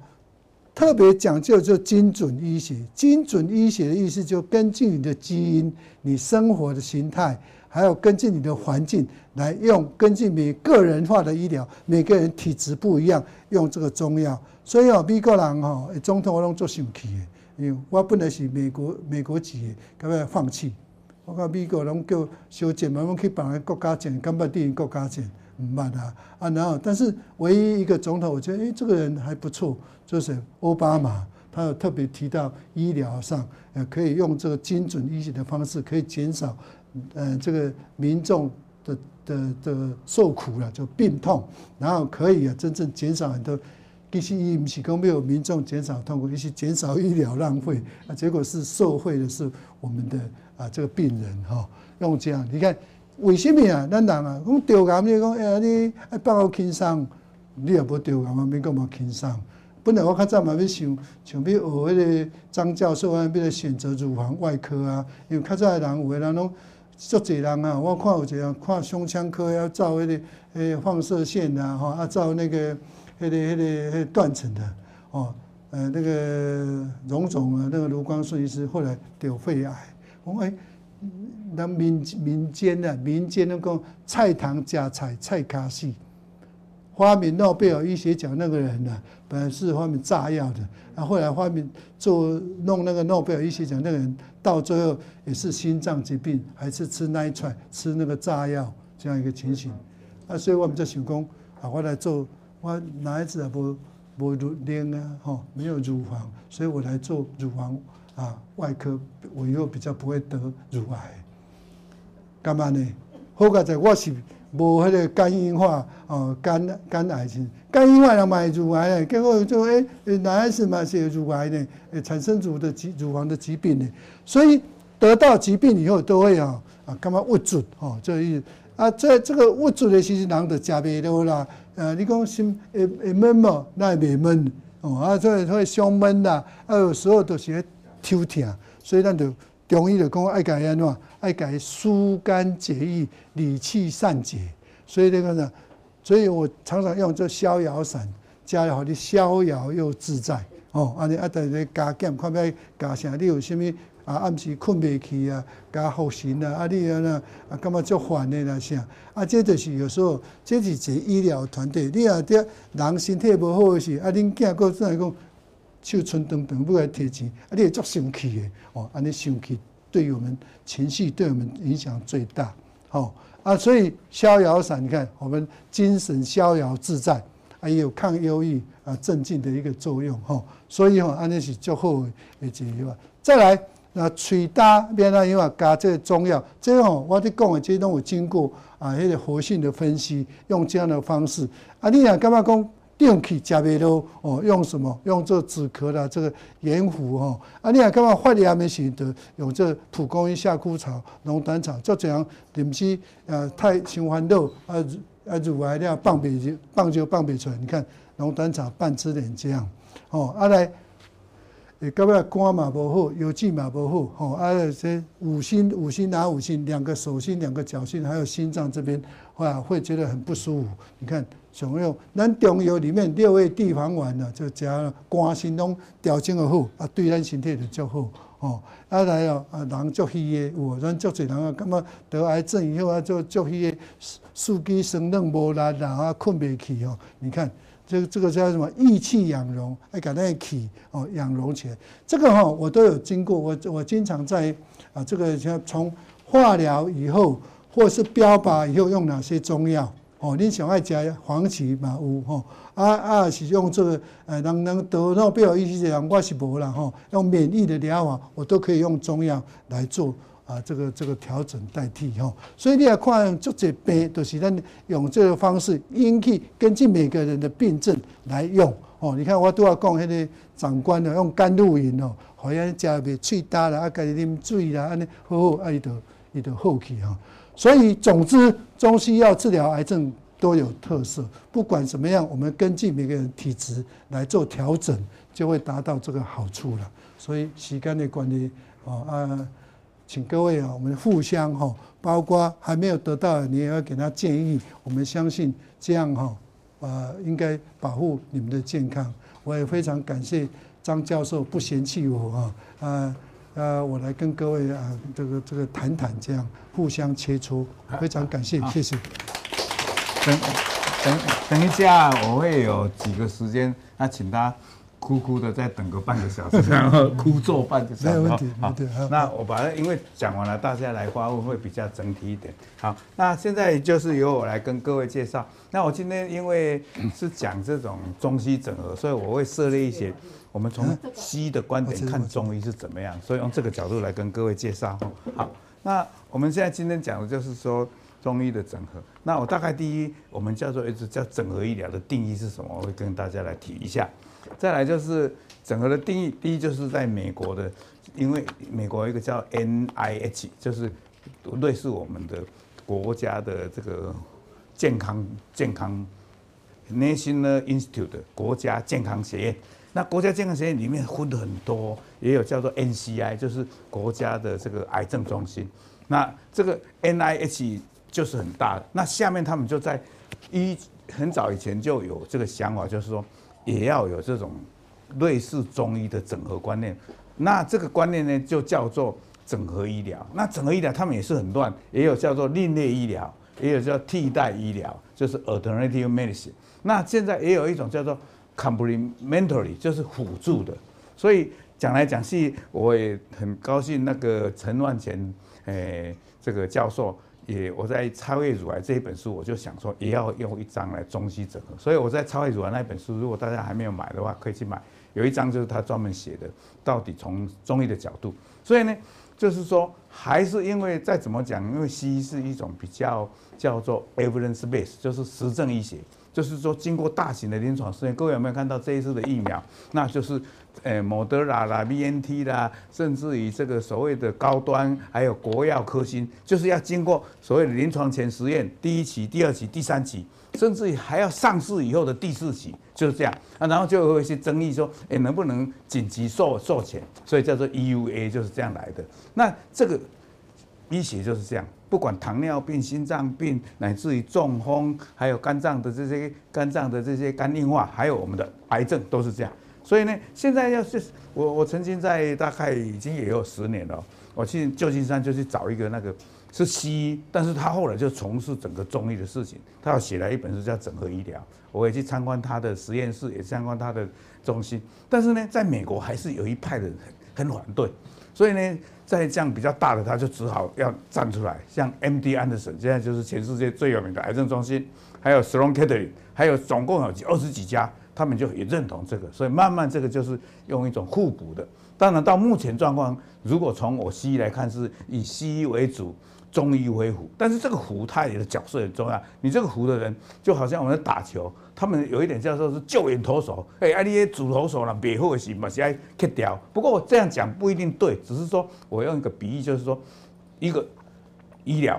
特別講究就精準醫學，精準醫學的意思就根據你的基因、你生活的形態，還有根據你的環境來用，根據你個人化的醫療。每個人體質不一樣，用這個中藥。所以啊，美國人哦，總統我都做生氣的，因為我不能是美國美國籍的，可不可以放棄。我講美國人叫小錢嘛，我去辦個國家錢，根本等於國家錢，唔辦啦啊。然後，但是唯一一個總統，我覺得哎、欸，這個人還不錯。就是奧巴馬，他有特別提到醫療上，呃，可以用這個精準醫學的方式，可以減少，呃，這個民眾的的的受苦了，就病痛，然後可以啊，真正減少很多其實，不是講沒有民眾減少痛苦，一些減少醫療浪費啊。結果是受惠的是我們的啊，這個病人哈。用這樣你、啊你欸，你看為什麼啊，那難啊，講調崗，你講哎呀，你不我輕鬆，你也不丟崗，我咪講冇輕鬆。本來我較早嘛要想，想要學迄個張教授啊，要選擇乳房外科啊。因為較早的人有個人攏，足濟人啊，我看有一人看胸腔科要照迄個誒放射線啊，吼啊照那個迄個迄個迄斷層的，吼。呃那個榮總啊，那個盧、那個那個哦呃那個、光順醫師後來得肺癌。我誒咱民民間啊，民間攏講菜堂加菜菜卡死。發明諾貝爾醫學獎那個人呢、啊，本來是發明炸藥的，然、啊、後後來發明做弄那個諾貝爾醫學獎那個人，到最後也是心臟疾病，還是吃那一串吃那個炸藥這樣一個情形。那、啊、所以我們就想講，啊，我來做我男孩子啊，不不乳腺啊，吼、哦、沒有乳房，所以我來做乳房啊外科，我以後比較不會得乳癌幹嘛呢？好在我是。無迄個肝硬化，哦，肝肝癌症，肝硬化嘛會乳癌咧，結果就哎，哪、欸、是嘛是會乳癌咧，產生乳的疾乳房的疾病咧，所以得到疾病以後都會有啊，感覺鬱悶哦，這、喔、意啊，這這個鬱悶咧，其實人得食袂落啦，呃，你講心會會悶嘛，那會袂悶，吼。啊，會會喔、所以所以胸悶啦，啊，有時候都是咧抽痛，所以咱就。中醫就講愛家安怎，愛家疏肝解鬱、理氣散結，所以這個呢，所以我常常用這逍遙散，加了後你逍遙又自在吼，安尼啊逐日加減，看要加啥？你有啥咪啊？暗時睏袂去啊？加茯神啊？啊，你安那啊，感覺足煩的那啥？啊，這就是有時候，這是一個醫療團隊。你也得人身體無好時啊，恁囝閣怎樣講。就從當頭部來提前。啊，你會足生氣的，哦，啊，安尼生氣，對於我們情緒，對我們影響最大，哦，啊，所以逍遙散，你看，我們精神逍遙自在，啊，也有抗憂鬱啊，鎮靜的一個作用，吼，所以吼，啊，安尼是足好的一劑藥。再來，那水搭邊啊，有啊，加這個中藥，這吼、個，我佇講的，這攏、個、有經過啊，迄個活性的分析，用這樣的方式，啊，你也感覺講？用去食袂落哦，用什麼？用這止咳的這個鹽壺啊，你還沒曉得？用這個蒲公英、夏枯草、龍膽草，就這樣臨時呃，太上犯了啊啊，入來了、啊、放不進，放就放不出來。你看龍膽草半支蓮這樣、哦、啊來。到尾肝嘛無好，腰子嘛無好，吼、啊，還、啊、有這五心五心哪五心，兩、啊、個手心，兩個腳心，還有心臟這邊，啊，會覺得很不舒服。你看，想要咱中藥裡面六味地黃丸呢，就加肝心攏調整的好，啊，對咱身體就較好，吼。啊，來哦，啊，人足虛的有，咱足儕人啊，感覺得癌症以後啊，就足虛的，四肢酸軟無力啦，啊，困、啊、袂去。吼，你看。這個這個叫什麼益氣養容？還搞那些氣哦，養容起來。這個哈，我都有經過。我我經常在啊，這個像從化療以後，或是標靶以後，用哪些中藥哦？你想要加黃芪、嘛烏哦？啊啊，是用這個呃，能能得諾貝爾醫學獎我是無了哈。用免疫的療法，我都可以用中藥來做。啊，這個這個調整代替吼、哦，所以你要看這些病，都是咱用這個方式，因去根據每個人的病症，來用哦。你看我都要講，那個長官哦，用甘露飲哦，好像加點脆噠啦，啊加點水啦，啊，安喝喝啊，你到你到後期哈。所以總之，中西藥治療癌症都有特色，不管怎麼樣，我們根據每個人體質來做調整，就會達到這個好處了。所以時間的關係哦啊。請各位啊，我們互相哈，包括還沒有得到你也要給他建議。我們相信這樣哈，呃，應該保護你們的健康。我也非常感謝張教授不嫌棄我啊，呃呃，我來跟各位啊，這個這個談談這樣，互相切磋。非常感謝，謝謝。等，等，等一下，我會有幾個時間啊，請他。哭哭的，再等個半個小時，然 後哭坐半個小時。沒問題，沒問題。好，那我把因為講完了，大家來發問會比較整體一點。好，那現在就是由我來跟各位介紹。那我今天因為是講這種中西整合，所以我會涉獵一些我們從西醫的觀點看中醫是怎麼樣，所以用這個角度來跟各位介紹。好，那我們現在今天講的就是說中醫的整合。那我大概第一，我們叫做一直叫整合醫療的定義是什麼？我會跟大家來提一下。再來就是整個的定義，第一就是在美國的，因為美國有一個叫 NIH，就是類似我們的國家的這個健康健康 National Institute 國家健康學院。那國家健康學院裡面分的很多，也有叫做 NCI，就是國家的這個癌症中心。那這個 NIH 就是很大的。那下面他們就在一很早以前就有這個想法，就是說，也要有這種類似中醫的整合觀念，那這個觀念呢，就叫做整合醫療。那整合醫療，他們也是很亂，也有叫做另類醫療，也有叫替代醫療，就是 alternative medicine。那現在也有一種叫做 complementary，就是輔助的。所以講來講去，我也很高興那個陳旺全，誒這個教授。也我在《超越乳癌》這一本書，我就想說也要用一章來中西整合。所以我在《超越乳癌》那本書，如果大家還沒有買的話，可以去買。有一章就是他專門寫的，到底從中醫的角度。所以呢，就是說還是因為再怎麼講，因為西醫是一種比較叫做 evidence based，就是實證醫學。就是說，經過大型的臨床試驗，各位有沒有看到這一次的疫苗？那就是，誒，莫德納啦、B N T 啦，甚至於這個所謂的高端，還有國藥科興，就是要經過所謂的臨床前實驗，第一期、第二期、第三期，甚至於還要上市以後的第四期，就是這樣。啊，然後就會有一些爭議，說，誒、欸，能不能緊急授授權，所以叫做 E U A，就是這樣來的。那這個醫學就是這樣。不管糖尿病、心臟病，乃至於中風，還有肝臟的這些肝臟的這些肝硬化，還有我們的癌症，都是這樣。所以呢，現在要是我，我曾經在大概已經也有十年了，我去舊金山就去找一個那個是西醫，但是他後來就從事整個中醫的事情，他要寫了一本書叫《整合醫療》，我也去參觀他的實驗室，也參觀他的中心。但是呢，在美國還是有一派的人很反對。所以呢，在這樣比較大的，他就只好要站出來，像 MD Anderson，現在就是全世界最有名的癌症中心，還有 Sloan Kettering 還有，總共有二十幾家，他們就也認同這個，所以慢慢這個就是用一種互補的。當然到目前狀況，如果從我西醫來看，是以西醫為主，中醫為輔，但是這個輔，他的角色很重要，你這個輔的人就好像我們在打球。他們有一點叫做是救援投手，哎，你的主投手啦，如果不好了，也是要丟掉。不過我這樣講不一定對，只是說我用一個比喻，就是說一個醫療，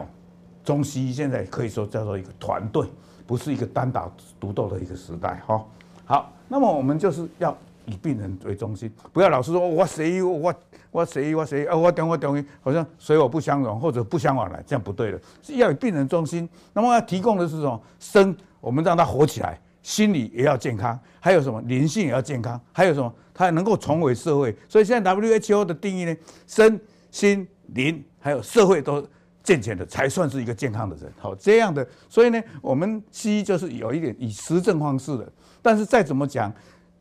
中西醫現在可以說叫做一個團隊，不是一個單打獨鬥的一個時代哈、哦。好，那麼我們就是要以病人為中心，不要老是說我西醫我，我西醫我西醫，我中醫我中醫，好像水火不相容或者不相往來，這樣不對了，是要以病人中心。那麼要提供的是什麼？生，我們讓他活起來。心理也要健康，還有什麼靈性也要健康，還有什麼，他還能夠重回社會。所以現在 WHO 的定義呢，身心靈還有社會都健全的，才算是一個健康的人。好，這樣的，所以呢，我們西醫就是有一點以實證方式的，但是再怎麼講，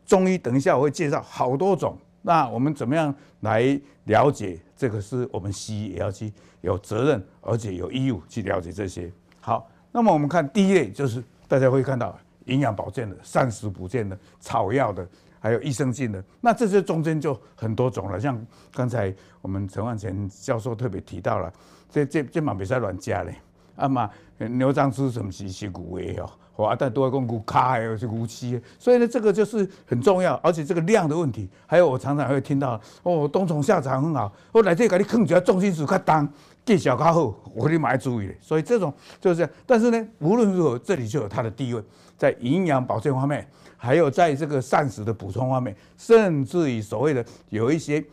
中醫等一下我會介紹好多種。那我們怎麼樣來了解？這個是我們西醫也要去有責任，而且有義務去了解這些。好，那麼我們看第一類，就是大家會看到。營養保健的、膳食補健的、草藥的，還有益生菌的，那這些中間就很多種了。像剛才我們陳旺全教授特別提到了，這這這嘛別再亂吃嘞。阿、啊、媽牛樟芝什麼稀奇古怪哦，我阿都會講牛卡還有是牛雞、喔啊，所以呢，這個就是很重要，而且這個量的問題。還有我常常會聽到哦，冬蟲夏草很好，我來這個你控制要重金屬，快當見小過後我立馬注意嘞。所以這種就是這樣，但是呢，無論如何，這裡就有它的地位。在營養保健方面，還有在這個膳食的補充方面，甚至於所謂的有一些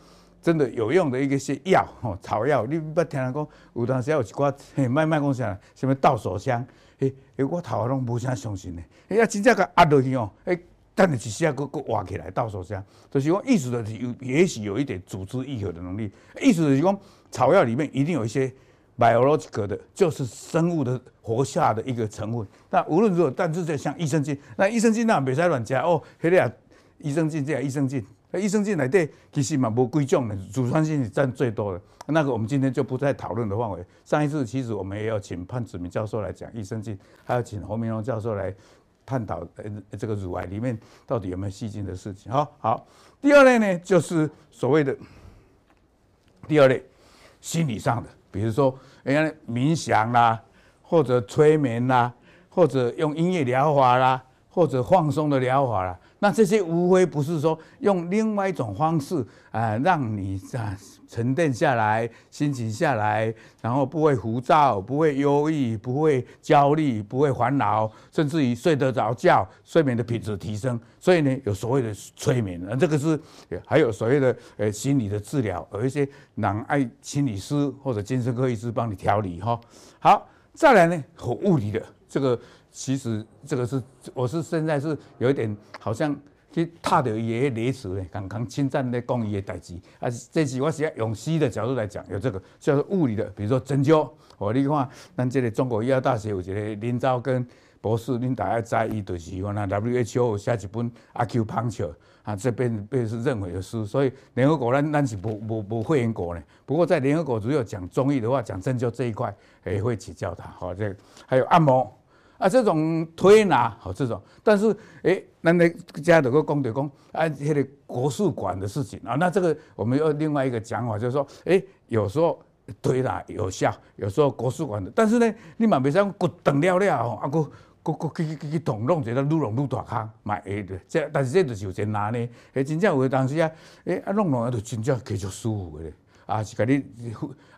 真的有用的一些藥、草藥，你別聽人講，有當時候有一掛賣賣公司，什麼到手香，哎、欸，我頭攏無啥相信、欸、要的，哎、欸，真正個壓落去哦，哎，等你只是在個挖起來到手香，就是講，意思的有也許有一點組織愈合的能力，意思就是講，草藥裡面一定有一些。Biological 的就是生物的活下的一個成分。那無論如何，但是像益生菌，那益生菌那沒再亂加哦，黑利亞益生菌，這益生菌那益生菌來底其實嘛，不規矩的，乳酸菌是佔最多的。那個我們今天就不再討論的範圍。上一次其實我們也有請潘子明教授來講益生菌，還有請侯明龍教授來探討呃這個乳癌裡面到底有沒有細菌的事情啊。好，第二類呢就是所謂的第二類心理上的，比如說。你看冥想啦，或者催眠啦，或者用音樂療法啦，或者放鬆的療法啦。那這些無非不是說用另外一種方式啊，讓你啊沉澱下來，心情下來，然後不會浮躁，不會憂鬱，不會焦慮，不會煩惱，甚至於睡得着覺，睡眠的品質提升。所以呢，有所謂的催眠，這個是還有所謂的呃心理的治療，有一些男愛心理師或者精神科醫師幫你調理哈。好，再來呢和物理的這個。其實這個是，我是現在是有一點，好像去踏的也類似嘞，剛剛侵佔那公益的代誌啊。這次我是要用西醫的角度來講，有這個，叫做物理的，比如說針灸。哦你看，咱這裡中國醫藥大學，有一個林昭庚博士林達在伊就是，我那 W H O 寫一本《Acupuncture》，啊，這邊變是認為的書。所以聯合國，咱咱是不無無無會員國呢。不過在聯合國，如果講中醫的話，講針灸這一塊，也會請教他。好，這還有按摩。啊，這種推拿好，這種，但是，哎，咱咧家到個講底講啊，迄個國術館的事情啊，那這個我們要另外一個講法，就是說，哎，有時候推拿有效，有時候國術館的，但是呢，你嘛袂上骨斷了了吼，啊個骨骨骨骨骨痛，弄一個愈弄愈大坑，買、啊，即、啊，啊啊啊啊啊、啊，但是即就是一難咧，迄真正有當時啊，誒一弄弄啊就真正叫做舒服咧，啊，是甲你，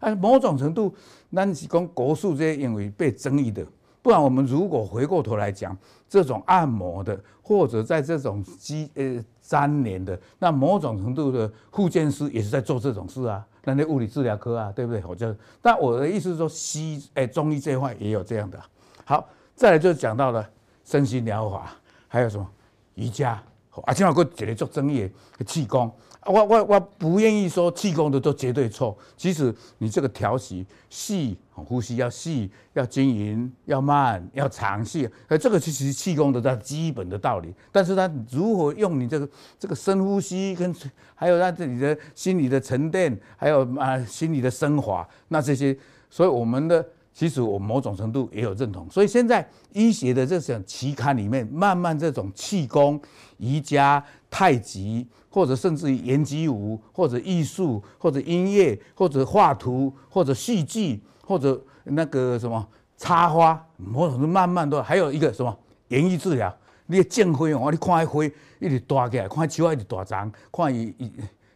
啊，某種程度，咱是講國術這因為被爭議的。嗯啊啊不然我們如果回過頭來講，這種按摩的，或者在這種肌呃粘連的，那某種程度的復健師，也是在做這種事啊，那那物理治療科啊，對不對？我就，但我的意思是說，西醫哎、欸、中醫這一塊，也有這樣的。好，再來就講到了身心療法，還有什麼瑜伽，阿金給我舉例做針葉，氣、啊、功。我我我不願意說氣功的都絕對錯，其實你這個調息細呼吸要細，要均勻，要慢，要長細呃，這個其實氣功的它基本的道理。但是它如何用你這個這個深呼吸，跟還有它自己的心理的沉澱，還有啊心理的升華，那這些，所以我們的其實我某種程度也有認同。所以現在醫學的這種期刊裡面，慢慢這種氣功、瑜伽、太極。或者甚至於言幾舞，或者藝術，或者音樂，或者畫圖，或者戲劇，或者那個什麼插花，我總是慢慢都還有一個什麼言語治療。你見灰哦，你看灰，一直大起來，看樹啊，一直大長，看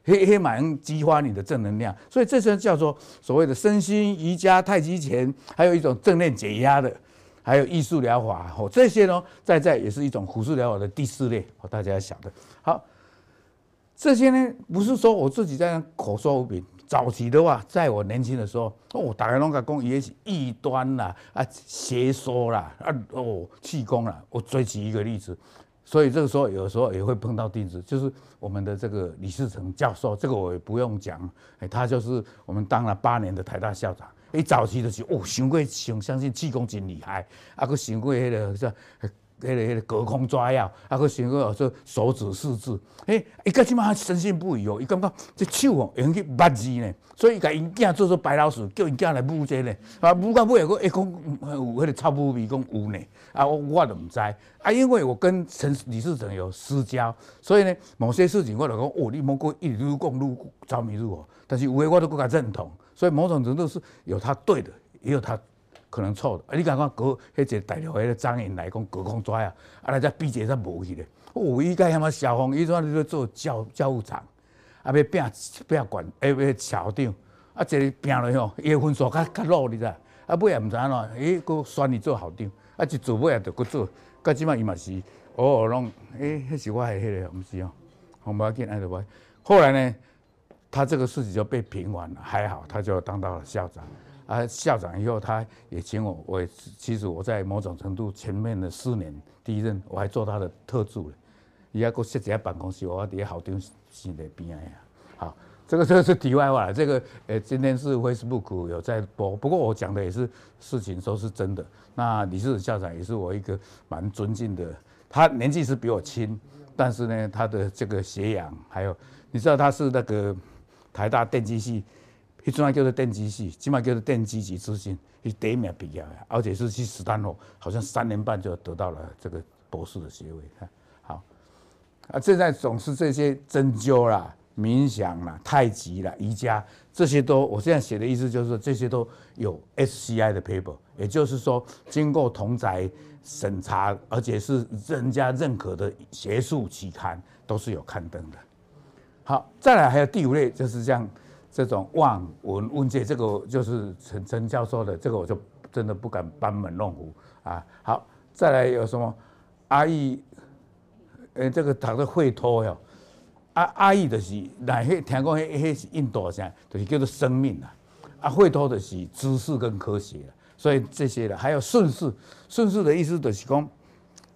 黑黑馬人激發你的正能量。所以這些叫做所謂的身心瑜伽、太極拳，還有一種正念解壓的，還有藝術療法。哦，這些呢，在在也是一種輔助療法的第四類。大家要曉得，好。這些呢，不是說我自己在那口說無憑。早期的話，在我年輕的時候，哦，打開龍卡功也是異端啦，啊，邪說啦，啊，哦，氣功啦，我舉一個例子。所以這個時候有時候也會碰到釘子，就是我們的這個李嗣涔教授，這個我也不用講，欸，他就是我們當了八年的台大校長，一早期的時候，哦，想過相信氣功真厲害，啊，過想過那個迄個、迄個隔空抓藥、啊，還佫想佫學做手指四字。哎、欸，伊個即馬還深信不疑哦、喔，伊感覺這手哦、喔、會用去捌字呢，所以伊甲因囝做做白老鼠，叫因囝來母遮呢。啊，母個母也佫一講有迄個臭不比講有呢，啊，我我都毋知。啊，因為我跟陳李世成有私交，所以呢，某些事情我就講，哦、喔，你摸過一里路公路着迷路哦。但是有誒，我都佫較認同。所以某種程度是有他對的，也有他。可能錯、like、的，啊！你敢看高，迄個大陸迄個張英來講，高空拽啊，啊，來再比者再無去咧。哦，伊家遐嘛，小方，伊在在做教教務長，啊，要拼拼官，哎，要校長，啊，一個拼落去吼，伊的分數較較弱，你知？啊，尾也毋知安咯，伊佫選你做校長，啊，一做尾也得佫做，佮即擺伊嘛是，哦，弄，哎，迄是我誒迄個，毋是哦，我無要緊安得話。後來呢，他這個事情就被平完了，還好，他就當到了校長。啊，校長以後他也請我，我也其實我在某種程度前面的四年第一任，我還做他的特助了。家阿個設計阿辦公室，我也好丟心的病啊呀？好，這個這個是題外話這個呃今天是 Facebook 有在播，不過我講的也是事情，說是真的。那李嗣涔校長也是我一個蠻尊敬的，他年紀是比我輕，但是呢，他的這個學養還有，你知道他是那個台大電機系。去專叫做電機系，現在叫做電機及資訊，去第一名畢業的，而且是去斯坦福，好像三年半就得到了這個博士的學位。好，啊，現在總是這些針灸啦、冥想啦、太極啦、瑜伽這些都，我現在寫的意思就是說，這些都有 SCI 的 paper，也就是說經過同儕審查，而且是人家認可的學術期刊都是有刊登的。好，再來還有第五類就是這樣。這種望聞問切，這個就是陳陳教授的，這個我就真的不敢班門弄斧啊。好，再來有什麼阿育？呃，這個他的吠陀喲、啊啊，阿阿育的是，那黑聽講黑黑印度的，就是叫做生命啊。啊，吠陀的是知識跟科學、啊，所以這些的、啊、還有順勢，順勢的意思就是講，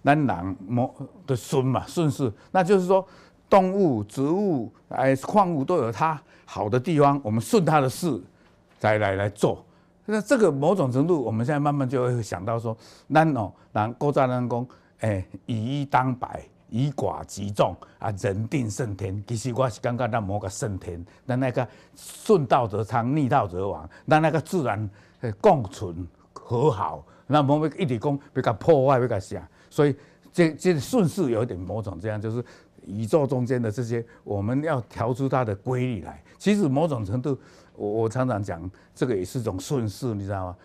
那男某的孫嘛，順勢，那就是說。動物、植物、哎，礦物都有它好的地方，我們順它的勢，再來來做。那這個某種程度，我們現在慢慢就會想到說，那喏，人古代人講，哎，以一當百，以寡擊眾啊，人定勝天。其實我是感覺那某個勝天，那那個順道則昌，逆道則亡。那那個自然共存和好，那麼一點講比較破壞比較啥，所以這這順勢有點某種這樣就是。宇宙中間的這些，我們要調出它的規律來。其實某種程度，我我常常講，這個也是一種順勢，你知道嗎？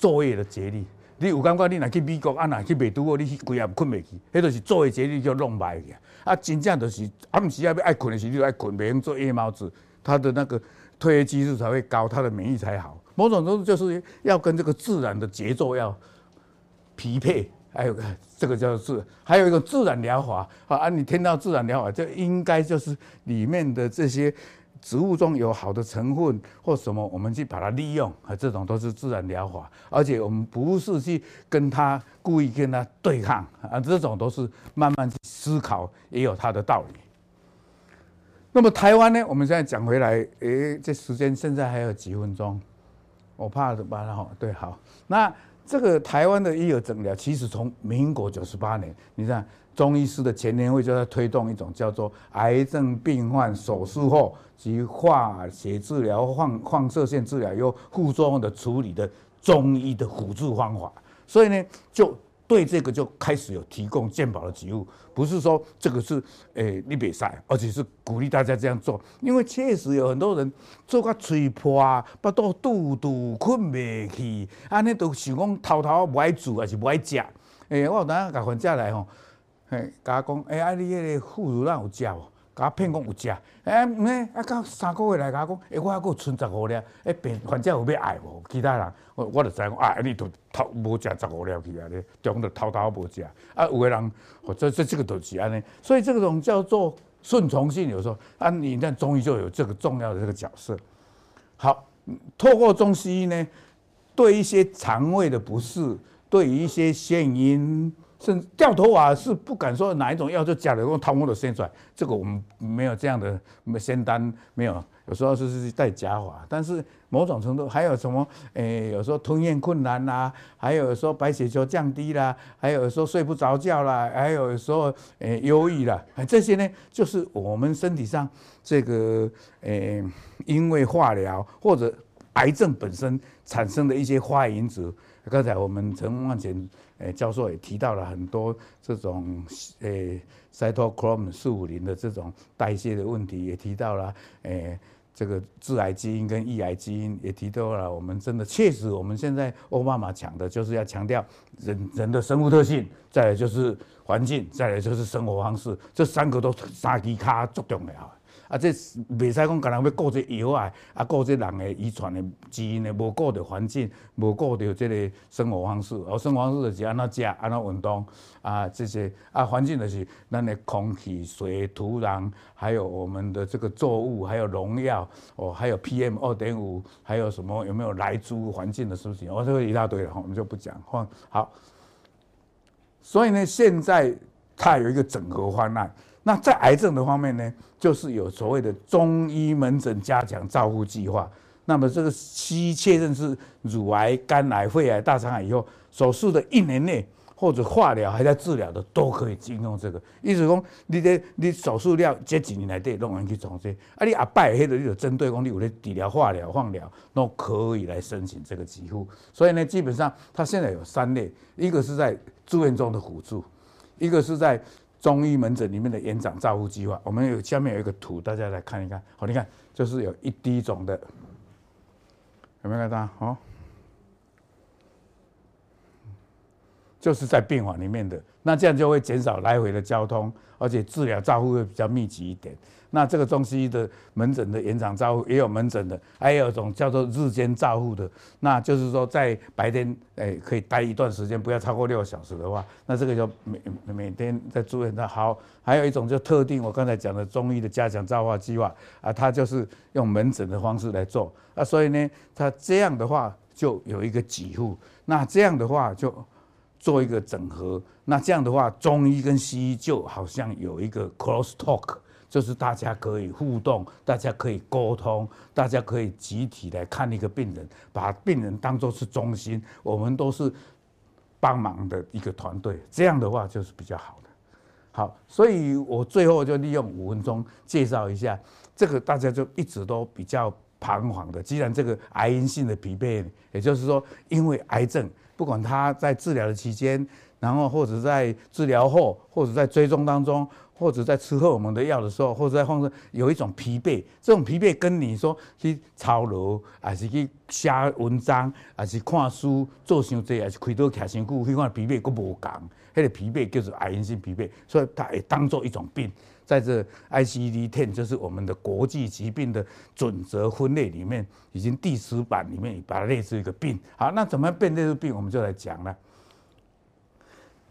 晝夜的節律，你有感覺，你若去美國啊，若去美都國，你去鬼也困不去，那都是晝夜節律就弄歪去。啊，真正就是暗時要愛困的時候就愛困，別用做夜貓子，他的那個褪黑激素才會高，他的免疫才好。某種程度就是要跟這個自然的節奏要匹配。還有個，這個叫、就、自、是，還有一個自然療法啊！你聽到自然療法，就應該就是裡面的這些植物中有好的成分或什麼，我們去把它利用啊，這種都是自然療法。而且我們不是去跟它故意跟它對抗啊，這種都是慢慢去思考，也有它的道理。那麼台灣呢？我們現在講回來，哎、欸，這時間現在還有幾分鐘，我怕了吧，對，好，那。這個台灣的醫藥診療，其實從民國九十八年，你看中醫師的前年會就在推動一種叫做癌症病患手術後及化學治療、放放射線治療又副作用的處理的中醫的輔助方法，所以呢，就。對這個就開始有提供健保的職務，不是說這個是誒、欸、你袂使，而且是鼓勵大家這樣做，因為確實有很多人做甲嘴破，巴肚堵堵，困未去，安尼都想講偷偷買煮還是買食，誒、欸，我有陣甲混家來吼，嘿、嗯，甲講誒，啊你迄個腐乳爛有嚼、啊。甲騙講有食，誒、欸，毋免啊，到三個月來甲我講，誒、欸，我還有剩十五粒，誒，變反正有要愛無？其他人，我我就知講，啊，你都偷無食十五粒去啊，咧，中了偷偷無食。啊，有的人，或者這這個就是安尼，所以這種叫做順從性，有時說，啊，你那中醫就有這個重要的這個角色。好，透過中西醫呢，對一些腸胃的不適，對於一些眩暈。是掉頭髮、啊、是不敢說哪一種藥就假的用湯姆的仙水，這個我們沒有這樣的沒仙丹，沒有。有時候是是戴假髮，但是某種程度還有什麼誒、欸，有時候吞嚥困難啦、啊，還有說白血球降低啦，還有說睡不着覺啦，還有說誒憂鬱啦，這些呢就是我們身體上這個誒、欸、因為化療或者癌症本身產生的一些壞因子。剛才我們陳旺全。誒、欸，教授也提到了很多這種誒、欸、，Cytochrome 四五零的這種代謝的問題，也提到了誒、欸，這個致癌基因跟抑癌基因，也提到了我們真的確實，我們現在歐巴馬講的就是要強調人人的生物特性，再來就是環境，再來就是生活方式，這三個都三腳架足重要。啊，這未使講個人要過這油啊，啊，過這人的遺傳的基因的，無過到環境，無過到這個生活方式。而、哦、生活方式的是安那吃，安那運動啊，這些啊，環境的是咱的空氣、水、土壤，還有我們的這個作物，還有農藥哦，還有 PM 二點五，還有什麼有沒有萊豬環境的，是不是？哦，這個一大堆哈，我們就不講。換好，好，所以呢，現在它有一個整合方案。那在癌症的方面呢，就是有所謂的中醫門診加強照護計劃。那麼這個西醫確認是乳癌、肝癌、肺癌、大腸癌以後手術的一年內，或者化療還在治療的，都可以應用這個。意思是說你的你手術料這幾年都對，攏能去從事。啊，你阿伯迄種有針對講，你有咧治療、化療、放療，都可以來申請這個給付。所以呢，基本上它現在有三類，一個是在住院中的輔助，一個是在。中醫門診裡面的延長照護計劃，我們有下面有一個圖，大家來看一看。好，你看就是有一滴種的，有沒有看到？好，就是在病房裡面的，那這樣就會減少來回的交通，而且治療照顧會比較密集一點。那這個中西醫的門診的延長照護也有門診的，還有一種叫做日間照護的，那就是說在白天誒可以待一段時間，不要超過六個小時的話，那這個就每每天在住院的。好，還有一種就特定我剛才講的中醫的加強照護計劃啊，它就是用門診的方式來做啊，所以呢，它這樣的話就有一個幾護，那這樣的話就做一個整合，那這樣的話中醫跟西醫就好像有一個 cross talk。就是大家可以互動，大家可以溝通，大家可以集體來看一個病人，把病人當做是中心，我們都是幫忙的一個團隊，這樣的話就是比較好的。好，所以我最後就利用五分鐘介紹一下，這個大家就一直都比較彷徨的，既然這個癌因性的疲憊，也就是說因為癌症，不管他在治療的期間，然後或者在治療後，或者在追蹤當中，或者在吃喝我們的藥的時候，或者在患有一種疲憊，這種疲憊跟你說去操勞，還是去寫文章，還是看書做傷多，還是開刀徛傷久，迄款疲憊佫無共，那個疲憊叫做癌因性疲憊，所以它會當作一種病，在這 I C D ten 就是我們的國際疾病的準則分類裡面，已經第十版裡面把它列出一個病。好，那怎麼樣變這個病，我們就來講了。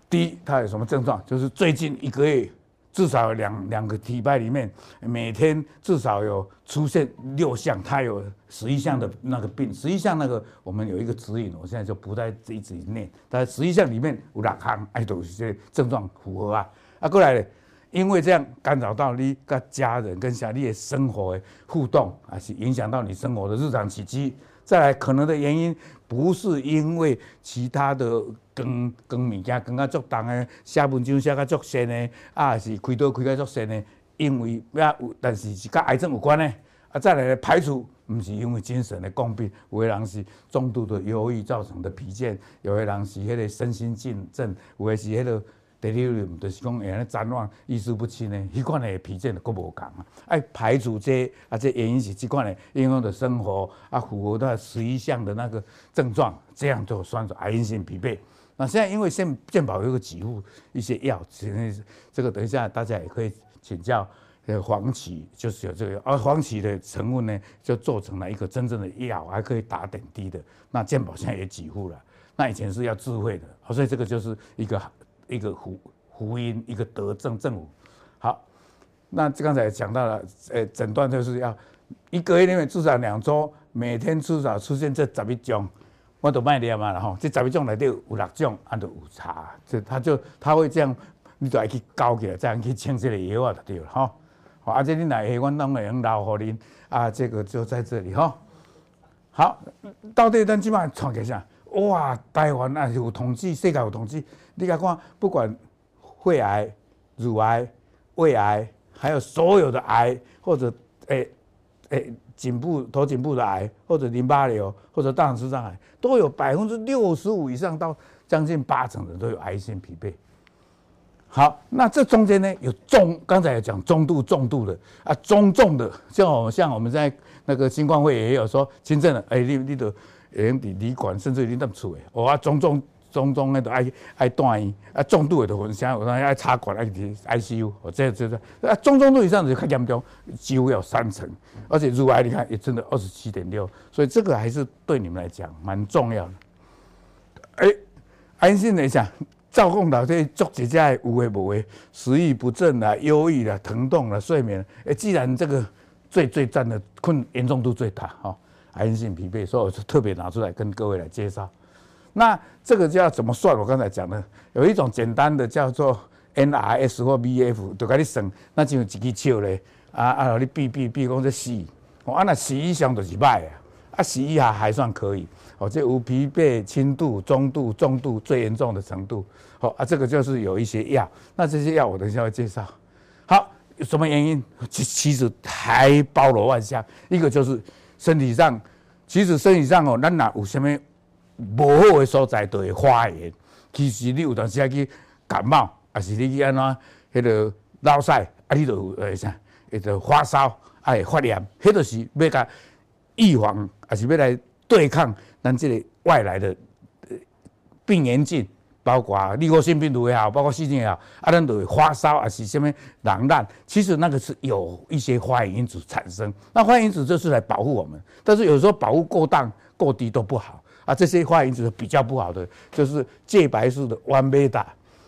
第一，它有什麼症狀？就是最近一個月。至少有兩兩個禮拜裡面，每天至少有出現六項，他有十一項的那個病，十一項那個我們有一個指引，我現在就不再這一自己念。但十一項裡面有，兩項愛都這些症狀符合啊啊過來，因為這樣干擾到你跟家人跟下你的生活的互動，還是影響到你生活的日常起居。再來，可能的原因不是因為其他的。更更物件，扛啊足重的；寫文章寫啊足累的，啊是開刀開啊足累的。因為呀，但是是甲癌症有關的。啊，再來，來排除，唔是因為精神的共病，有的人是重度的憂鬱造成的疲倦，有的人是迄個身心病症，有的是迄個第二類，毋就是講會安尼戰亂、意識不清呢，迄款誒疲倦都閣無同啊，哎，排除這個，啊，這個原因是即款誒，影響的生活啊，符合到十一項的那個症狀，這樣就算是癌症性疲憊。那現在因為現健保有個給付一些藥，這個等一下大家也可以請教黃。呃，黃芪就是有這個藥，而、啊、黃芪的成分呢，就做成了一個真正的藥，還可以打點滴的。那健保現在也給付了，那以前是要自費的，所以這個就是一個一個福福音一個德政政府。好，那剛才講到了，呃，診斷就是要一個月內至少兩周，每天至少出現這十一種。我都賣了嘛，即十一種內底有六種，俺、啊、都有差，即他就他會這樣，你就愛去交教佢，再去認識了藥啊就對了吼。好、哦，而、啊、且你來下，我攏會留互你啊，這個就在這裡吼、哦。好，嗯、到底咱起碼創起啥？哇，台灣啊，有統計，世界有統計，你甲看，看，不管肺癌、乳癌、胃癌，還有所有的癌，或者誒誒。誒誒頸部、頭頸部的癌，或者淋巴瘤，或者大腸之上癌，都有百分之六十五以上到將近八成的都有癌性疲憊。好，那這中間呢，有重，剛才講中度、重度的啊，中重的，像我們像我們在那個新冠會也有說，輕症的，哎、欸，你你的連旅旅管，甚至你那麼粗哎，我、哦、啊中重。中中呢都愛愛斷伊，啊，重度的都很少，有陣愛插管，愛 I C U，哦、這個，這這個、這，啊，中中度以上就較嚴重，幾乎有三成，而且乳癌你看也真的二十七點六，所以這個還是對你們來講蠻重要的。誒、欸，癌症來講，趙工老師總結下，有的無誒，食欲不振啊，憂鬱啊，疼痛啊，睡眠，誒、欸，既然這個最最佔的困嚴重度最大，哈、哦，癌症疲憊，所以我就特別拿出來跟各位來介紹。那這個要怎麼算？我剛才講的有一種簡單的叫做 NRS 或 BF 就跟你省。那就自己笑咧，啊啊，啊，你避避避，講說洗，我啊那洗一上就是敗啊，啊洗一下還算可以。哦，這有疲憊、輕度、中度、重度、最嚴重的程度。哦啊，這個就是有一些藥。那這些藥我等一下會介紹。好，有什麼原因？其其實還包羅萬象。一個就是身體上，其實身體上哦，那哪有什麼？無好的所在就會發炎。其實你有陣時去感冒，啊是你去安怎，迄個落屎，啊你就有誒啥，會着發燒，啊會發炎，迄都是要甲預防，啊是要來對抗咱即個外來的病原菌，包括啊流行性病毒也好，包括細菌也好，啊咱著會發燒，啊是蝦米冷戰，其實那個是有一些發炎因子產生。那發炎因子就是來保護我們，但是有時候保護過當、過低都不好。啊，這些發炎因子是比較不好的，就是介白素的 one beta，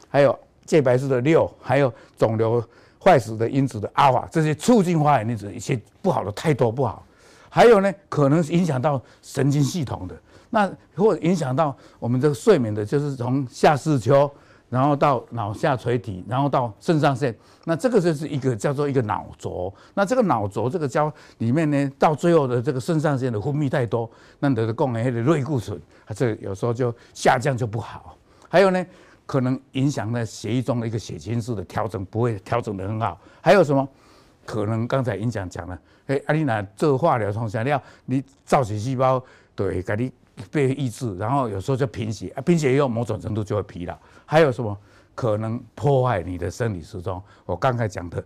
還有介白素的六，還有腫瘤壞死的因子的阿爾法，這些促進發炎因子一些不好的太多不好，還有呢，可能是影響到神經系統的，那或影響到我們這個睡眠的，就是從下視丘。然後到腦下垂體，然後到腎上腺，那這個就是一個叫做一個腦軸。那這個腦軸這個膠裡面呢，到最後的這個腎上腺的分泌太多，那你的供應的類固醇，它這有時候就下降就不好。還有呢，可能影響呢血液中的一個血清素的調整不會調整得很好。還有什麼？可能剛才院長講，講了，哎，阿麗娜這化療、放化療你造血細胞對會你。被抑制，然後有時候就貧血，啊，貧血以後某種程度就會疲勞。還有什麼可能破壞你的生理時鐘？我剛才講的，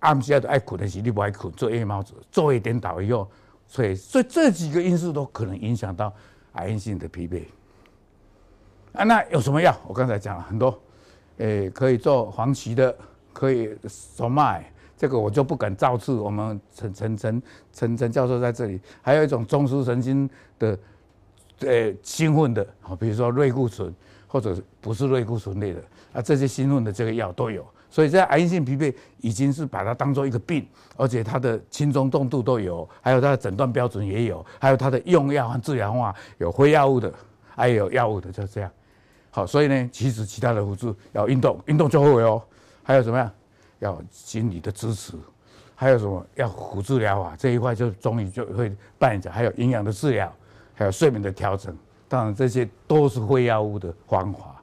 阿姆暗下都愛苦的，你不愛苦，做夜貓子，晝夜顛倒以後，所以所以這幾個因素都可能影響到癌性的疲憊。啊，那有什麼藥？我剛才講了很多，誒，可以做黃芪的，可以熟麥，這個我就不敢造次。我們陳陳陳陳陳教授在這裡，還有一種中樞神經的。呃、欸，興奮的，好，比如說類固醇或者不是類固醇類的啊，這些興奮的這個藥都有，所以這癌性疲憊已經是把它當做一個病，而且它的輕中重度都有，還有它的診斷標準也有，還有它的用藥和治療化，有非藥物的，還、啊、有藥物的，就這樣。好，所以呢，其實其他的輔助要運動，運動就會哦，還有什麼樣，要心理的支持，還有什麼要骨治療啊，這一塊就中醫就會辦一下，還有營養的治療。還有睡眠的調整，當然這些都是非藥物的方法。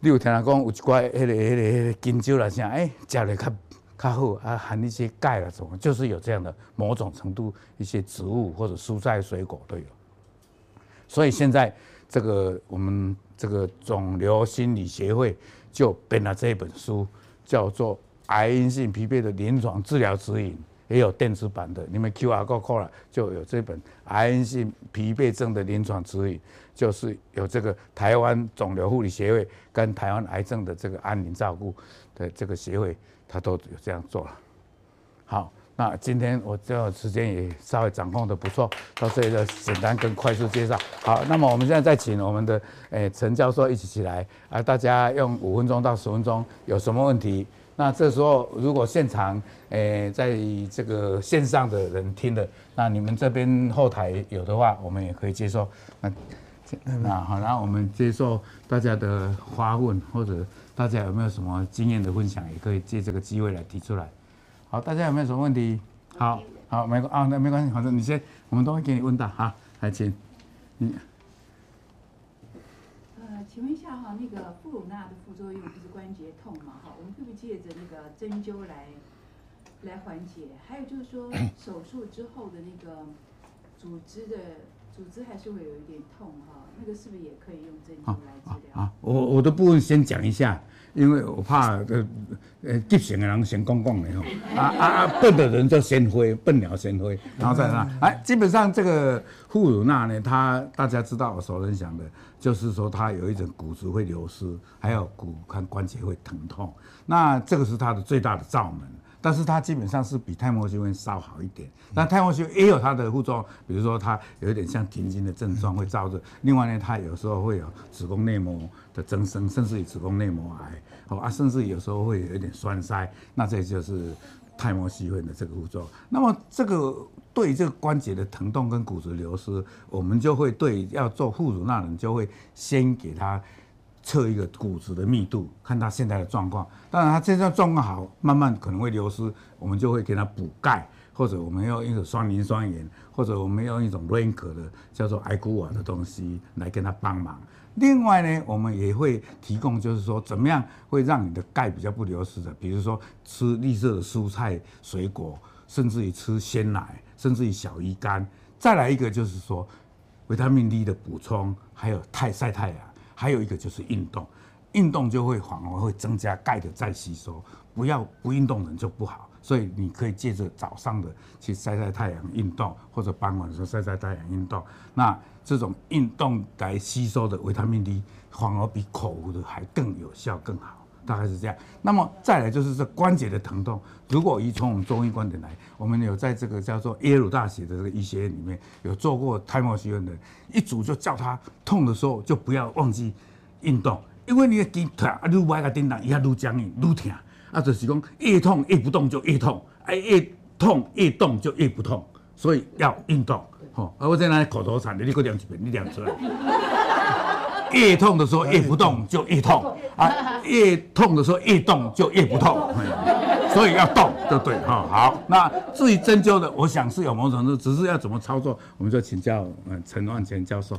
例如，聽講有一塊那個、那個、那個金針蘭，像哎，吃了較較好，啊含一些鈣啊什麼，就是有這樣的某種程度一些植物或者蔬菜水果都有。所以現在這個我們這個腫瘤心理協會就編了這本書，叫做《癌因性疲憊的臨床治療指引》。也有電子版的，你們 QR Code 就有這本癌性疲憊症的臨床指引，就是有這個台灣腫瘤護理協會跟台灣癌症的這個安寧照顧的這個協會，他都有這樣做了。好，那今天我這時間也稍微掌控的不錯，到這裡就簡單跟快速介紹。好，那麼我們現在再請我們的誒陳教授一起起來啊，大家用五分鐘到十分鐘有什麼問題？那這時候，如果現場誒，在這個線上的人聽的，那你們這邊後台有的話，我們也可以接受。那那好，然後我們接受大家的發問，或者大家有沒有什麼經驗的分享，也可以借這個機會來提出來。好，大家有沒有什麼問題？好，好，沒關啊，那沒關係，反正你先，我們都會給你問到哈。來請你。請問一下哈，那個布魯納的副作用不是關節痛嘛？哈，我們會不會借着那個針灸來來緩解？還有就是說手術之後的那個組織的。組織還是會有一點痛哈，那個是不是也可以用針灸來治療，啊？啊，我我的部分先講一下，因為我怕呃呃、欸、急性的人先講講的哦，啊啊啊笨的人就先飛，笨鳥先飛，然後再那。哎、嗯嗯，基本上這個復乳納呢，它大家知道，我所人想的，就是說它有一種骨質會流失，還有骨看關節會疼痛，那這個是它的最大的罩門。但是它基本上是比泰莫西芬稍好一點。那泰莫西芬也有它的副作用，比如說它有一點像停經的症狀會照着。另外呢，它有時候會有子宮內膜的增生，甚至於子宮內膜癌。啊，甚至有時候會有一點栓塞。那這就是泰莫西芬的這個副作用。那麼這個對這個關節的疼痛跟骨質流失，我們就會對要做護乳那的人就會先給他測一個骨質的密度，看他現在的狀況。當然，他現在狀況好，慢慢可能會流失，我們就會給他補鈣，或者我們用一個雙磷酸鹽，或者我們用一種 RANK 的叫做癌骨瓦的東西來跟他幫忙。另外呢，我們也會提供，就是說怎麼樣會讓你的鈣比較不流失的，比如說吃綠色的蔬菜、水果，甚至於吃鮮奶，甚至於小魚乾。再來一個就是說，維他命 D 的補充，還有太曬太陽。還有一個就是運動，運動就會反而會增加鈣的再吸收。不要不運動人就不好，所以你可以借着早上的去曬曬太陽運動，或者傍晚的時候曬曬太陽運動。那這種運動來吸收的維他命 D，反而比口服的還更有效，更好。大概是這樣，那麼再來就是這關節的疼痛。如果一從我們中醫觀點來，我們有在這個叫做耶魯大學的這個醫學院裡面，有做過泰莫學院的，一組就叫他痛的時候就不要忘記運動，因為你的筋疼啊，就歪個叮噹一下越僵硬，越疼啊，就是講越痛越不動就越痛，哎、啊，越痛越動越痛就越不痛，所以要運動、哦。我在那裡口頭禪，你這個樣你這樣子越痛的時候越不動就越痛啊，越痛的時候越動就越不痛，所以要動就對哈。好，那至於針灸的，我想是有某種程度，只是要怎麼操作，我們就請教嗯陳旺全教授。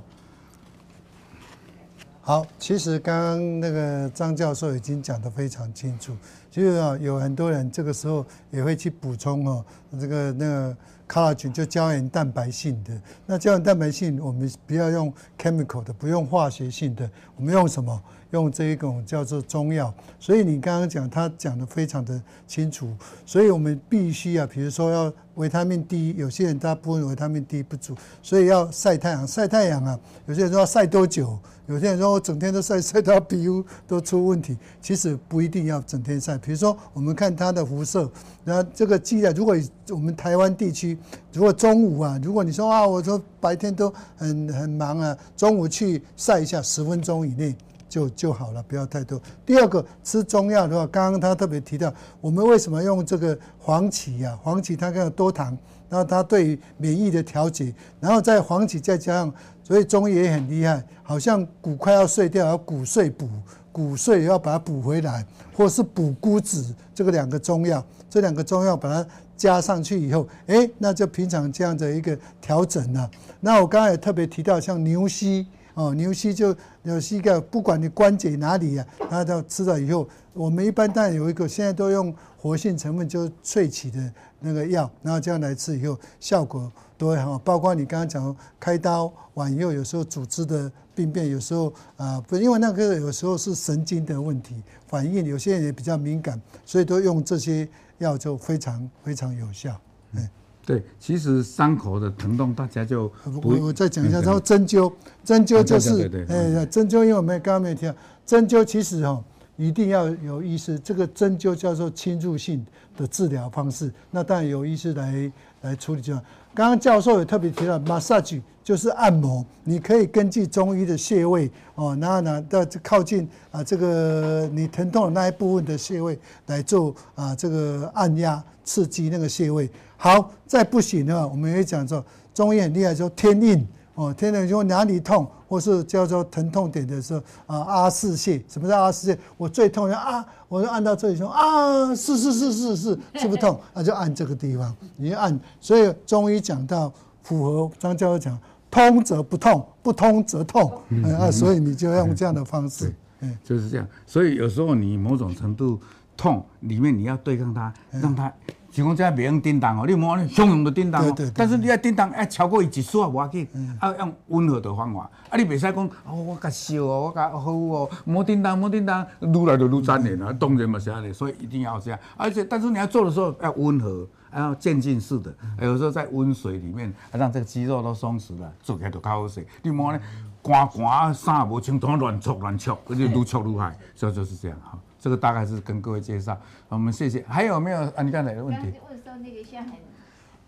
好，其實剛剛那個張教授已經講得非常清楚。其實啊，有很多人這個時候也會去補充哦，這個那個 collagen 就膠原蛋白性的。那膠原蛋白性，我們不要用 chemical 的，不用化學性的，我們用什麼？用這一種叫做中藥，所以你剛剛講，他講得非常的清楚，所以我們必須啊，比如說要維他命 D，有些人大部分維他命 D 不足，所以要曬太陽，曬太陽啊，有些人說要曬多久，有些人說我整天都曬，曬到皮膚都出問題，其實不一定要整天曬，比如說我們看它的輻射，那這個劑啊，如果我們台灣地區，如果中午啊，如果你說啊，我說白天都很很忙啊，中午去曬一下十分鐘以內。就就好了，不要太多。第二個，吃中藥的話，剛剛他特別提到，我們為什麼用這個黃芪呀？黃芪它更多糖，然後它對於免疫的調節，然後在黃芪再加上，所以中醫也很厲害。好像骨快要碎掉，要骨碎補，骨碎也要把它補回來，或是補骨脂，這個兩個中藥，這兩個中藥把它加上去以後，誒，那就平常這樣的一個調整了。那我剛剛也特別提到，像牛膝。哦，牛膝就有一個，不管你關節哪裡呀、啊，它都吃了以後，我們一般當然有一個，現在都用活性成分就是萃取的那個藥，然後這樣來吃以後，效果都會很好。包括你剛剛講開刀完以後，有時候組織的病變，有時候啊、呃，不因為那個有時候是神經的問題反應，有些人也比較敏感，所以都用這些藥就非常非常有效，嗯。對，其實傷口的疼痛，大家就我我再講一下，然後針灸，針灸就是，哎，針灸，因為我們剛剛沒有提到，針灸其實哦，一定要有醫師，這個針灸叫做侵入性的治療方式，那當然有醫師來來處理就好。就剛剛教授也特別提到 massage 就是按摩，你可以根據中醫的穴位哦，然後呢，到靠近啊這個你疼痛的那一部分的穴位來做啊這個按壓，刺激那個穴位。好，再不行呢，我們也會講說中醫很厲害，說天應哦，天應說哪裡痛，或是叫做疼痛點的時候啊，阿是穴。什麼叫阿是穴？我最痛的，說啊，我就按到這裡說啊，是是是是是，是不痛，那、啊、就按這個地方，你就按。所以中醫講到符合張教授講，通則不痛，不通則痛。嗯啊、嗯，所以你就用這樣的方式，嗯，就是這樣。所以有時候你某種程度。痛裡面你要對抗它，讓它，只講在不用叮當哦，你摸呢，洶湧的叮當，但是你要叮當哎，超過一指數啊，我、嗯、可，要用溫和的方法。啊，你別使講，哦，我噶燒哦，我噶好哦，唔好叮當，唔好叮當，愈來就愈粘連了、嗯，當然嘛是安尼，所以一定要這樣。而且，但是你要做的時候要溫和，還要漸進式的、嗯。有時候在溫水裡面，讓這個肌肉都鬆弛了、啊，做起來就較好些、嗯。你摸呢，刮刮啥無清楚，亂戳亂戳，而且愈戳愈壞，所以就是這樣哈。這個大概是跟各位介紹。我們謝謝。還有沒有啊？你剛才的問題？問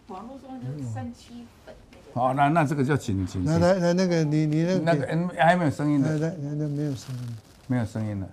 那網絡說那三七粉。好，那那這個叫緊緊。那那那個你你那個那個嗯還沒有聲音，那那那沒有聲音。沒有聲音了。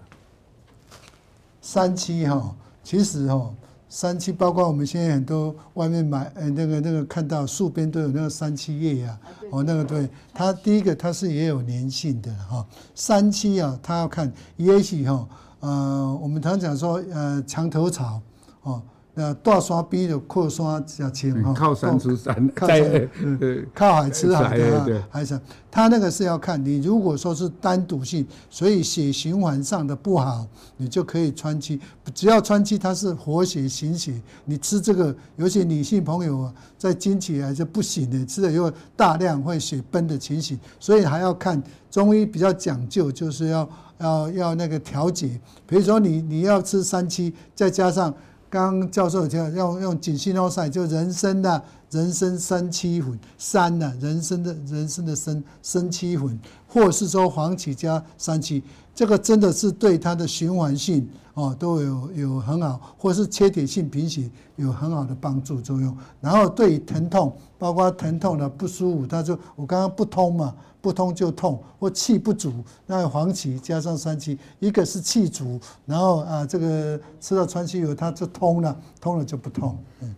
三七哈，其實哈，三七包括我們現在很多外面買呃那個那個看到樹邊都有那個三七葉呀，哦、啊、那個對，對，對，它第一個它是也有粘性的哈。三七啊，它要看也許哈。呃，我們常常講說，呃，牆頭草，哦，那大刷逼的闊刷小清，靠山吃山，靠山、嗯，靠海吃海對海他那個是要看你如果說是單獨性，所以血循環上的不好，你就可以川七，只要川七它是活血行血，你吃這個，有些女性朋友啊，在經期還是不行的，吃了又大量會血崩的情形，所以還要看中醫比較講究，就是要。要要那個調節，比如說你你要吃三七，再加上剛，剛教授講要用，用錦心諾塞，就人參的、啊，人參三七粉，三呢、啊，人參的，人參的參，參七粉，或是說黃芪加三七，這個真的是對它的循環性哦都有有很好，或是缺鐵性貧血有很好的幫助作用。然後對疼痛，包括疼痛的不舒服，他說我剛剛不通嘛。不通就痛，或氣不足，那黃芪加上三七，一個是氣足，然後啊，這個吃到川芎以後，它就通了，通了就不痛。嗯，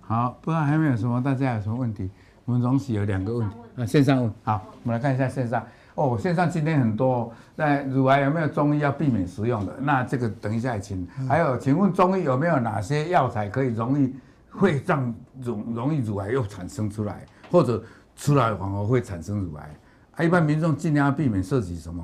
好，不知道還有沒有什麼，大家有什麼問題？我們總共有兩個問題，那線上問，啊，線上問。好，我們來看一下線上。哦，線上今天很多。那乳癌有沒有中醫要避免食用的？那這個等一下請。還有，請問中醫有沒有哪些藥材可以容易會讓容容易乳癌又產生出來，或者？出來反而會產生乳癌，啊，一般民眾盡量避免攝取什麼？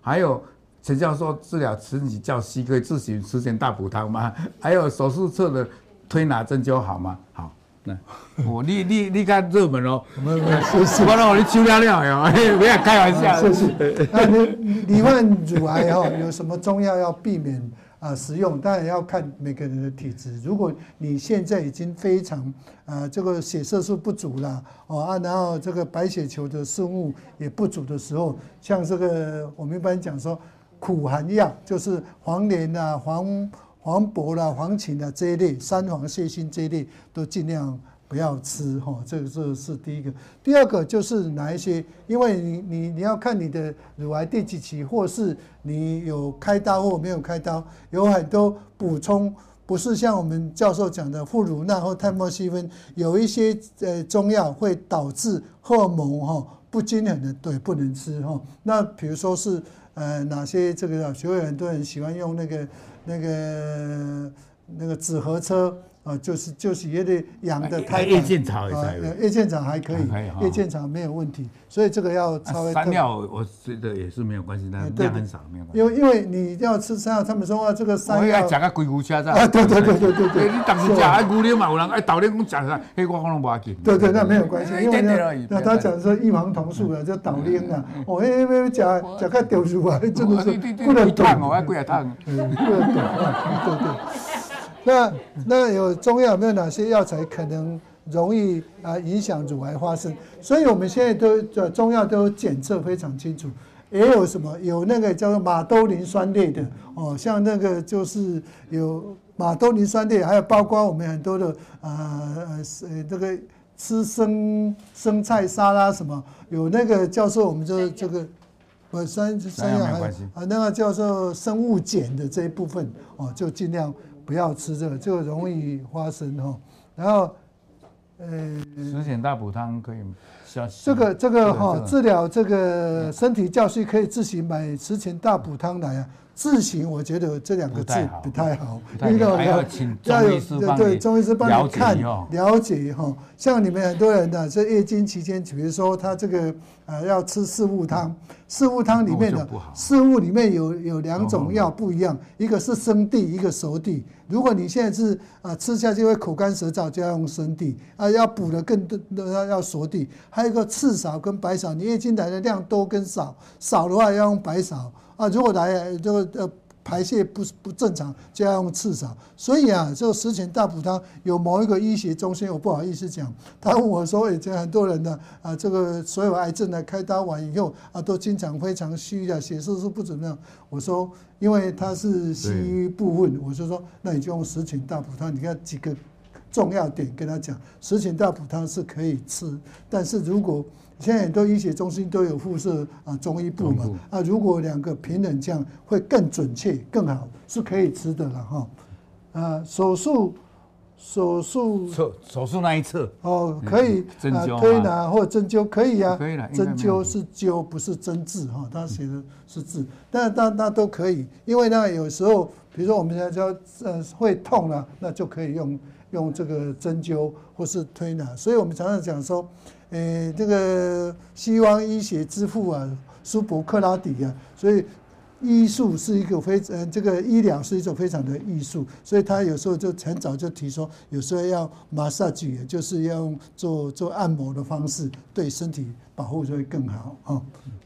還有陳教授治療雌激較稀，可以自行吃點大補湯嗎？還有手術側的推拿針灸好，好、喔、好嗎？好，我你你你看熱門哦，沒有沒有，完了我你尿尿，不要開玩笑、嗯、是，是那你你問乳癌有什麼中藥要，要避免？啊，使用當然也要看每個人的體質。如果你現在已經非常呃、啊，這個血色素不足了，哦啊，啊，然後這個白血球的生物也不足的時候，像這個我們一般講說苦寒藥，就是黃連啊、黃黃柏啦、黃芩啊，黃芩啊這一類三黃、瀉心這一類，都盡量。不要吃哈，這個這是第一個。第二個就是哪一些，因為你你你要看你的乳癌第幾期，或是你有開刀或沒有開刀，有很多補充不是像我們教授講的復乳納或泰莫西芬，有一些呃中藥會導致荷爾蒙哈不均衡的對，不能吃哈。那比如說是呃哪些這個，學會很多人喜歡用那個那個那個紫河車。啊，就是就是，也得養的太嗯嗯。葉劍草也。葉劍草還可以。葉劍草沒有問題，所以這個要。山藥我覺得也是沒有關係，但量很少，沒有嗎？因為因為你要吃山藥，他們說這個山藥。講個龜龜蝦蝦。對對對對對，對，對，對，對你當時吃阿姑溜嘛？有人愛搗亂，跟我講黑光光攏不怕見。對，對對，那沒有關係，一點點那他講說異黃酮素啊，就搗、是、亂啊。我我我，吃吃、這個雕樹啊，就弄個湯湯，骨肉湯，骨肉湯，對對。 那那有中藥有沒有哪些藥材可能容易啊影響乳癌發生？所以我們現在都中藥都檢測非常清楚，也有什麼有那個叫做馬兜鈴酸類的哦，像那個就是有馬兜鈴酸類，還有包括我們很多的呃呃是這個吃生生菜沙拉什麼，有那個叫做我們就是這個呃酸酸藥還啊那個叫做生物鹼的這一部分哦，就盡量。不要吃這個，這個容易發生哦。然後，呃，十全大補湯可以，這個這個哈，治療這個身體較虛，可以自己買十全大補湯來啊。字形我覺得這兩個字不太好,不太好、哎，一個要要有對中醫師幫你,你看了解哈、哦哦，像你們很多人呢、啊，在月經期間，比如說他這個呃、啊、要吃四物湯，嗯、四物湯裡面的四物裡面有有兩種藥不一樣，哦哦一個是生地，一個熟地。如果你現在是啊吃下去會口乾舌燥，就要用生地啊要補的更多要要熟地，還有一個赤芍跟白芍，你月經來的量多跟少，少的話要用白芍。啊，如果來這個呃排泄不不正常，就要用赤芍。所以啊，這個十全大補湯有某一個醫學中心，我不好意思講。他問我說，以、欸、前很多人呢、啊，啊，這個所有癌症呢，開刀完以後啊，都經常非常虛啊，血色素不怎麼樣。我說，因為它是西醫部分，我就說，那你就用十全大補湯。你看幾個重要點跟他講，十全大補湯是可以吃，但是如果。現在很多醫學中心都有附設啊中醫部嘛。部啊，如果兩個平等，這樣會更準確、更好，是可以吃的了哈。啊，手術，手術，手術那一側哦，可以，啊針灸啊、推拿或者針灸可以啊，針灸是灸，不是針治哈、哦，他寫的是治、嗯，但是那都可以，因為呢，有時候比如說我們要叫呃會痛了、啊，那就可以用用這個針灸或是推拿，所以我們常常講說。誒，這個西方醫學之父啊，蘇博克拉底啊，所以醫術是一個非，呃，這個醫療是一種非常的藝術，所以他有時候就很早就提出，有時候要 massage，也就是要用做做按摩的方式對身體保護就會更好哦。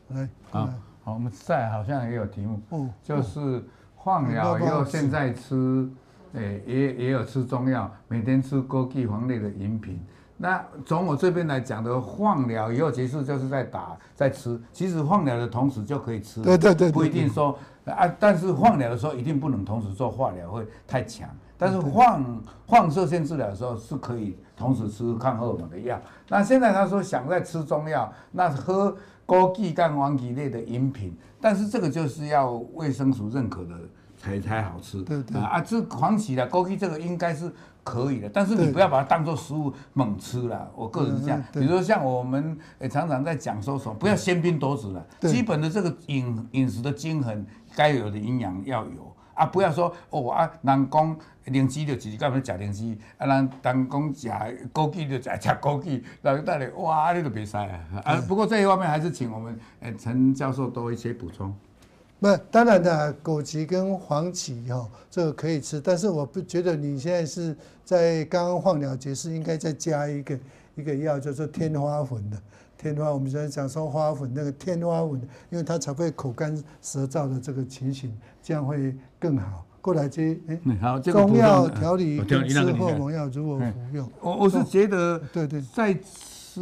來，來，好，好，我們再好像也有題目，哦，就是放療又現在吃，誒、哦哦，也也有吃中藥，每天吃枸杞黃類的飲品。那從我這邊來講的，放療以後結束就是在打，在吃。其實放療的同時就可以吃，對對對，對，不一定說啊。但是放療的時候一定不能同時做化療，會太強。但是放放射線治療的時候是可以同時吃抗荷爾蒙的藥。對對對對，那現在他說想再吃中藥，那喝枸杞、跟黃芪類的飲品，但是這個就是要衛生署認可的才才好吃對對，對對啊，這黃芪啦枸杞這個應該是。可以的，但是你不要把它當做食物猛吃了。我個人是這樣、嗯嗯，比如說像我們常常在講說什麼，不要喧賓奪主了。基本的這個飲飲食的均衡，該有的營養要有啊，不要說哦啊，人講靈芝的，其實根本假靈芝啊，人講講吃枸杞的，才吃枸杞，那當然哇，你都別曬啊。不過這一方面還是請我們欸、陳教授多一些補充。不，當然的，枸杞跟黃芪哈、喔，這個可以吃，但是我不覺得你現在是在剛剛放療結束，是應該再加一個一個藥，就是天花粉的。天花，我們現在講說花粉那個天花粉，因為它才會口乾舌燥的這個情形，這樣會更好。過來接，哎、欸，好，中藥調理、啊、之後，我們要如何服用？欸、我我是覺得，對，對對，在吃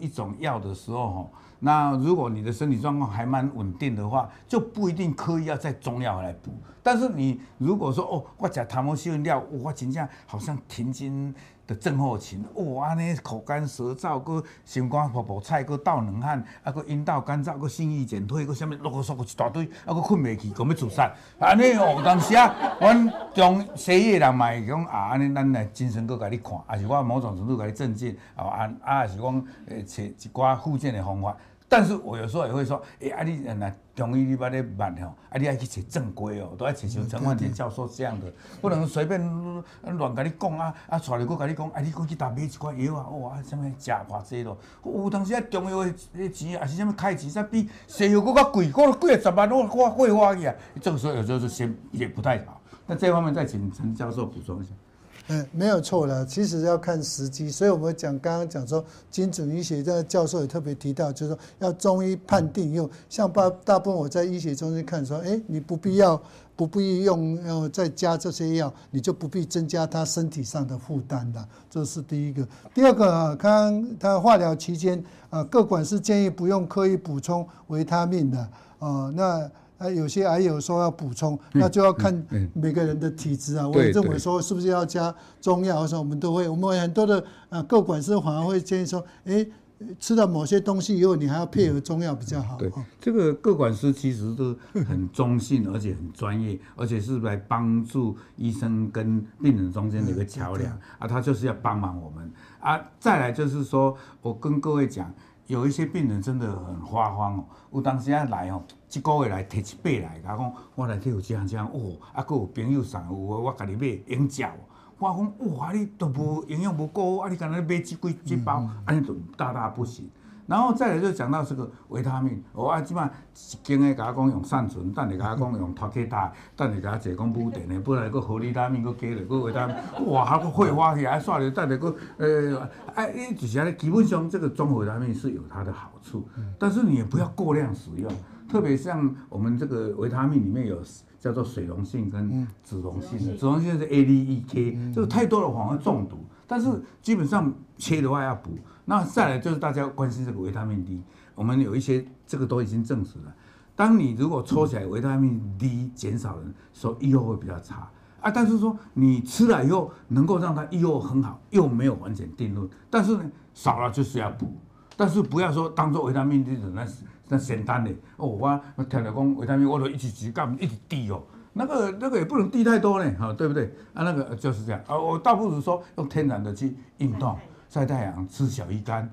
一種藥的時候哈。那如果你的身體狀況還蠻穩定的話，就不一定刻意要再中藥來補。但是你如果說哦，我講他們西藥，我今天好像停經。就症候群，哇、哦，安尼口乾舌燥，擱心肝泡泡菜，擱倒冷汗，啊，擱陰道乾燥，擱性欲減退，擱什麼囉嗦一大堆，啊，擱困袂去，講要自殺，安 尼樂哦，當時啊，阮中西醫的人嘛會講啊，安尼咱來精神擱甲你看，啊，是我某種程度甲你鎮靜，哦安，啊是講誒，找一寡復健的方法。但是我有時候也會說，誒、欸，啊你，你原來中醫你別咧慢哦，啊，你愛去找正規哦，都要找像陳旺全教授這樣的，嗯嗯、不能隨便亂跟你講啊，啊，帶了擱跟你講，阿你擱去哪買一罐藥啊？哇、哦啊，什麼吃偌濟咯？我有當時啊中藥的錢，也是什麼開支，才比西藥擱較貴，擱幾十萬都我揮花去啊！這個時候有時候是也不太好。那這方面再請陳教授補充一下。嗯、欸，沒有錯了，其實要看時機，所以我們講剛剛講說精準醫學，這個教授也特別提到，就是說要中醫判定用，像大大部分我在醫學中心看說、欸，你不必要，不必用要再加這些藥，你就不必增加他身體上的負擔了，這是第一個。第二個，剛剛他化療期間啊，各管是建議不用刻意補充維他命的啊，那。啊、有些還有說要補充，那就要看每個人的體質啊、嗯嗯嗯。我也認為說是不是要加中藥，或者我們都會，我們很多的呃，個、啊、管師反而會建議說，欸、吃了某些東西以後，你還要配合中藥比較好。嗯嗯、這個個管師其實是很中性，而且很專業、嗯，而且是來幫助醫生跟病人中間的一個橋樑啊，他就是要幫忙我們啊。再來就是說我跟各位講。有一些病人真的很發慌哦，有當時啊來哦，一個月來提一百來，講我來去有這樣這樣哦，啊，還有朋友送，有的我我甲你買，用吃哦。我講哇，你都無營養不夠哦，啊，你干那買這幾這包，安、嗯、尼、嗯嗯、就大大不行。然後再來就講到這個維他命，我愛本上一斤誒，甲講用善存，但你甲講用托克大，但你甲坐講烏蝶，呢不然佫好維他命，佫加了，佫維他命，哇，還會會發起，還算。了，等下佫誒，哎，呃啊、因為就是安基本上這個綜合維他命是有它的好處、嗯，但是你也不要過量使用，特別像我們這個維他命裡面有叫做水溶性跟脂溶性的。脂溶性，脂溶性是 A、嗯、D、E、K，就是太多了反而中毒。但是基本上切的話要補，那再來就是大家關心這個維他命 D，我們有一些這個都已經證實了，當你如果抽起來維他命 D 減少了，預後會比較差啊。但是說你吃了以後能夠讓它預後很好，又沒有完全定論。但是呢少了就是要補，但是不要說當做維他命 D 那那簡單的哦，我天天講維他命我都一直吃，幹嘛一直低哦。那個那個也不能低太多呢，哈，對不對？啊，那個就是這樣啊，我倒不如說用天然的去運動、曬太陽、吃小魚乾。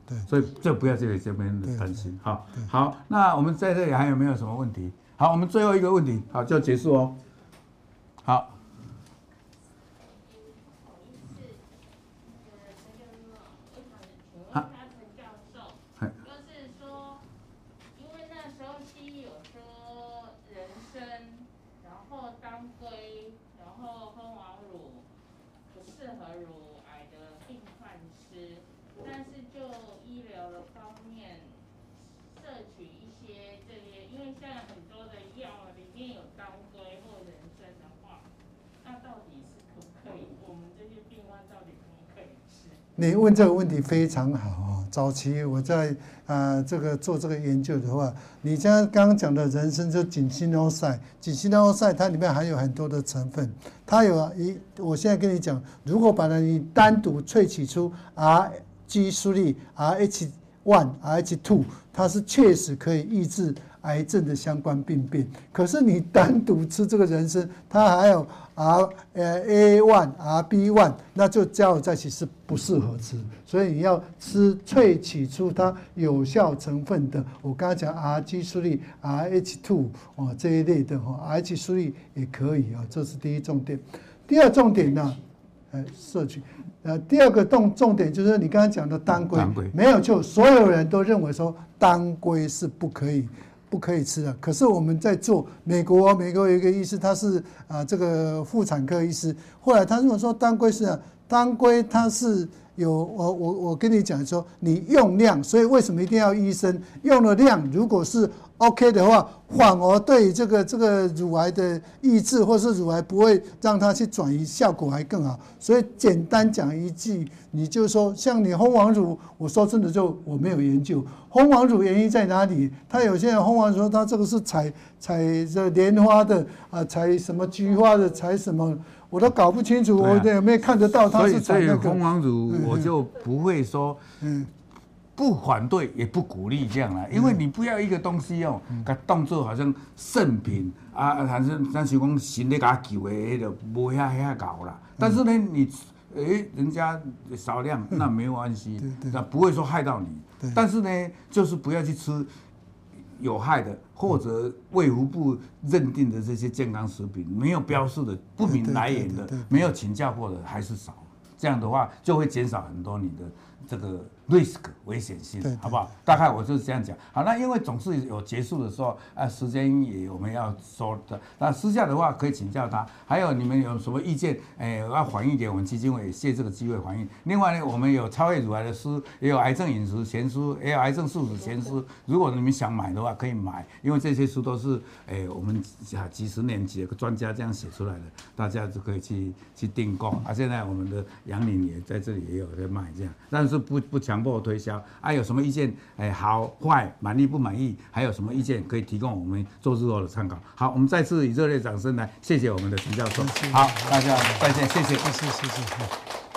所以就不要這個這邊擔心，好，好，那我們在這裡還有沒有什麼問題？好，我們最後一個問題，好，就結束哦、喔，好。你問這個問題非常好啊、哦！早期我在啊、呃、這個做這個研究的話，你像剛剛講的人參就 ginsenoside，ginsenoside 它裡面含有很多的成分，它有一，我現在跟你講，如果把它你單獨萃取出 R G 素類 R H one R H two，它是確實可以抑制。癌症的相關病變，可是你單獨吃這個人參，它還有 R 呃 A one R B one，那就加在一起是不適合吃，所以你要吃萃取出它有效成分的。我剛才講 R G 素類 R H two 哦，這一類的哈，R H 素類也可以啊，這是第一重點。第二重點呢、啊，呃，攝取呃第二個重重點就是你剛才講的當歸，沒有錯，所有人都認為說當歸是不可以。不可以吃的，可是我們在做。美國啊，美國有一個醫師，他是啊這個婦產科醫師，後來他如果說當歸是。當歸它是有，我我我跟你講說，你用量，所以為什麼一定要醫生用了量？如果是 OK 的話，反而對於這個這個乳癌的抑制，或是乳癌不會讓它去轉移，效果還更好。所以簡單講一句，你就說像你蜂王乳，我說真的就我沒有研究蜂王乳原因在哪裡。他有些人蜂王說他這個是采採這蓮花的啊，採什麼菊花的，採什麼。我都搞不清楚、啊，我有沒有看得到他是在那個。所以蜂王乳，我就不會說，嗯，不反對也不鼓勵這樣啦、啊，因為你不要一個東西哦，甲當作，好像聖品啊，是咱想講尋你家己味，就無遐遐搞啦。但是呢，你、欸、人家少量那沒關係、嗯，那不會說害到你。但是呢，就是不要去吃。有害的或者衛福部認定的這些健康食品，沒有標示的、不明來源的，沒有請教過的還是少。這樣的話，就會減少很多你的這個。risk 危險性好不好？對對對對，大概我就是這樣講。好，那因為總是有結束的時候，啊，時間也我們要說的。那私下的話可以請教他。還有你們有什麼意見？哎、欸，要反映給我們基金會，借這個機會反映。另外呢，我們有超越乳癌的書，也有癌症飲食全書，也有癌症素食全書。如果你們想買的話，可以買，因為這些書都是哎、欸，我們幾十年級的專家這樣寫出來的，大家就可以去去訂購啊。現在我們的楊林也在這裡也有在賣，這樣，但是不不。強迫推銷啊？有什麼意見？哎、欸，好壞，滿意不滿意？還有什麼意見可以提供我們做日後的參考？好，我們再次以熱烈掌聲來謝謝我們的陳教授。嗯、好、嗯，大家再見，謝、嗯、謝，謝謝，謝、嗯、謝。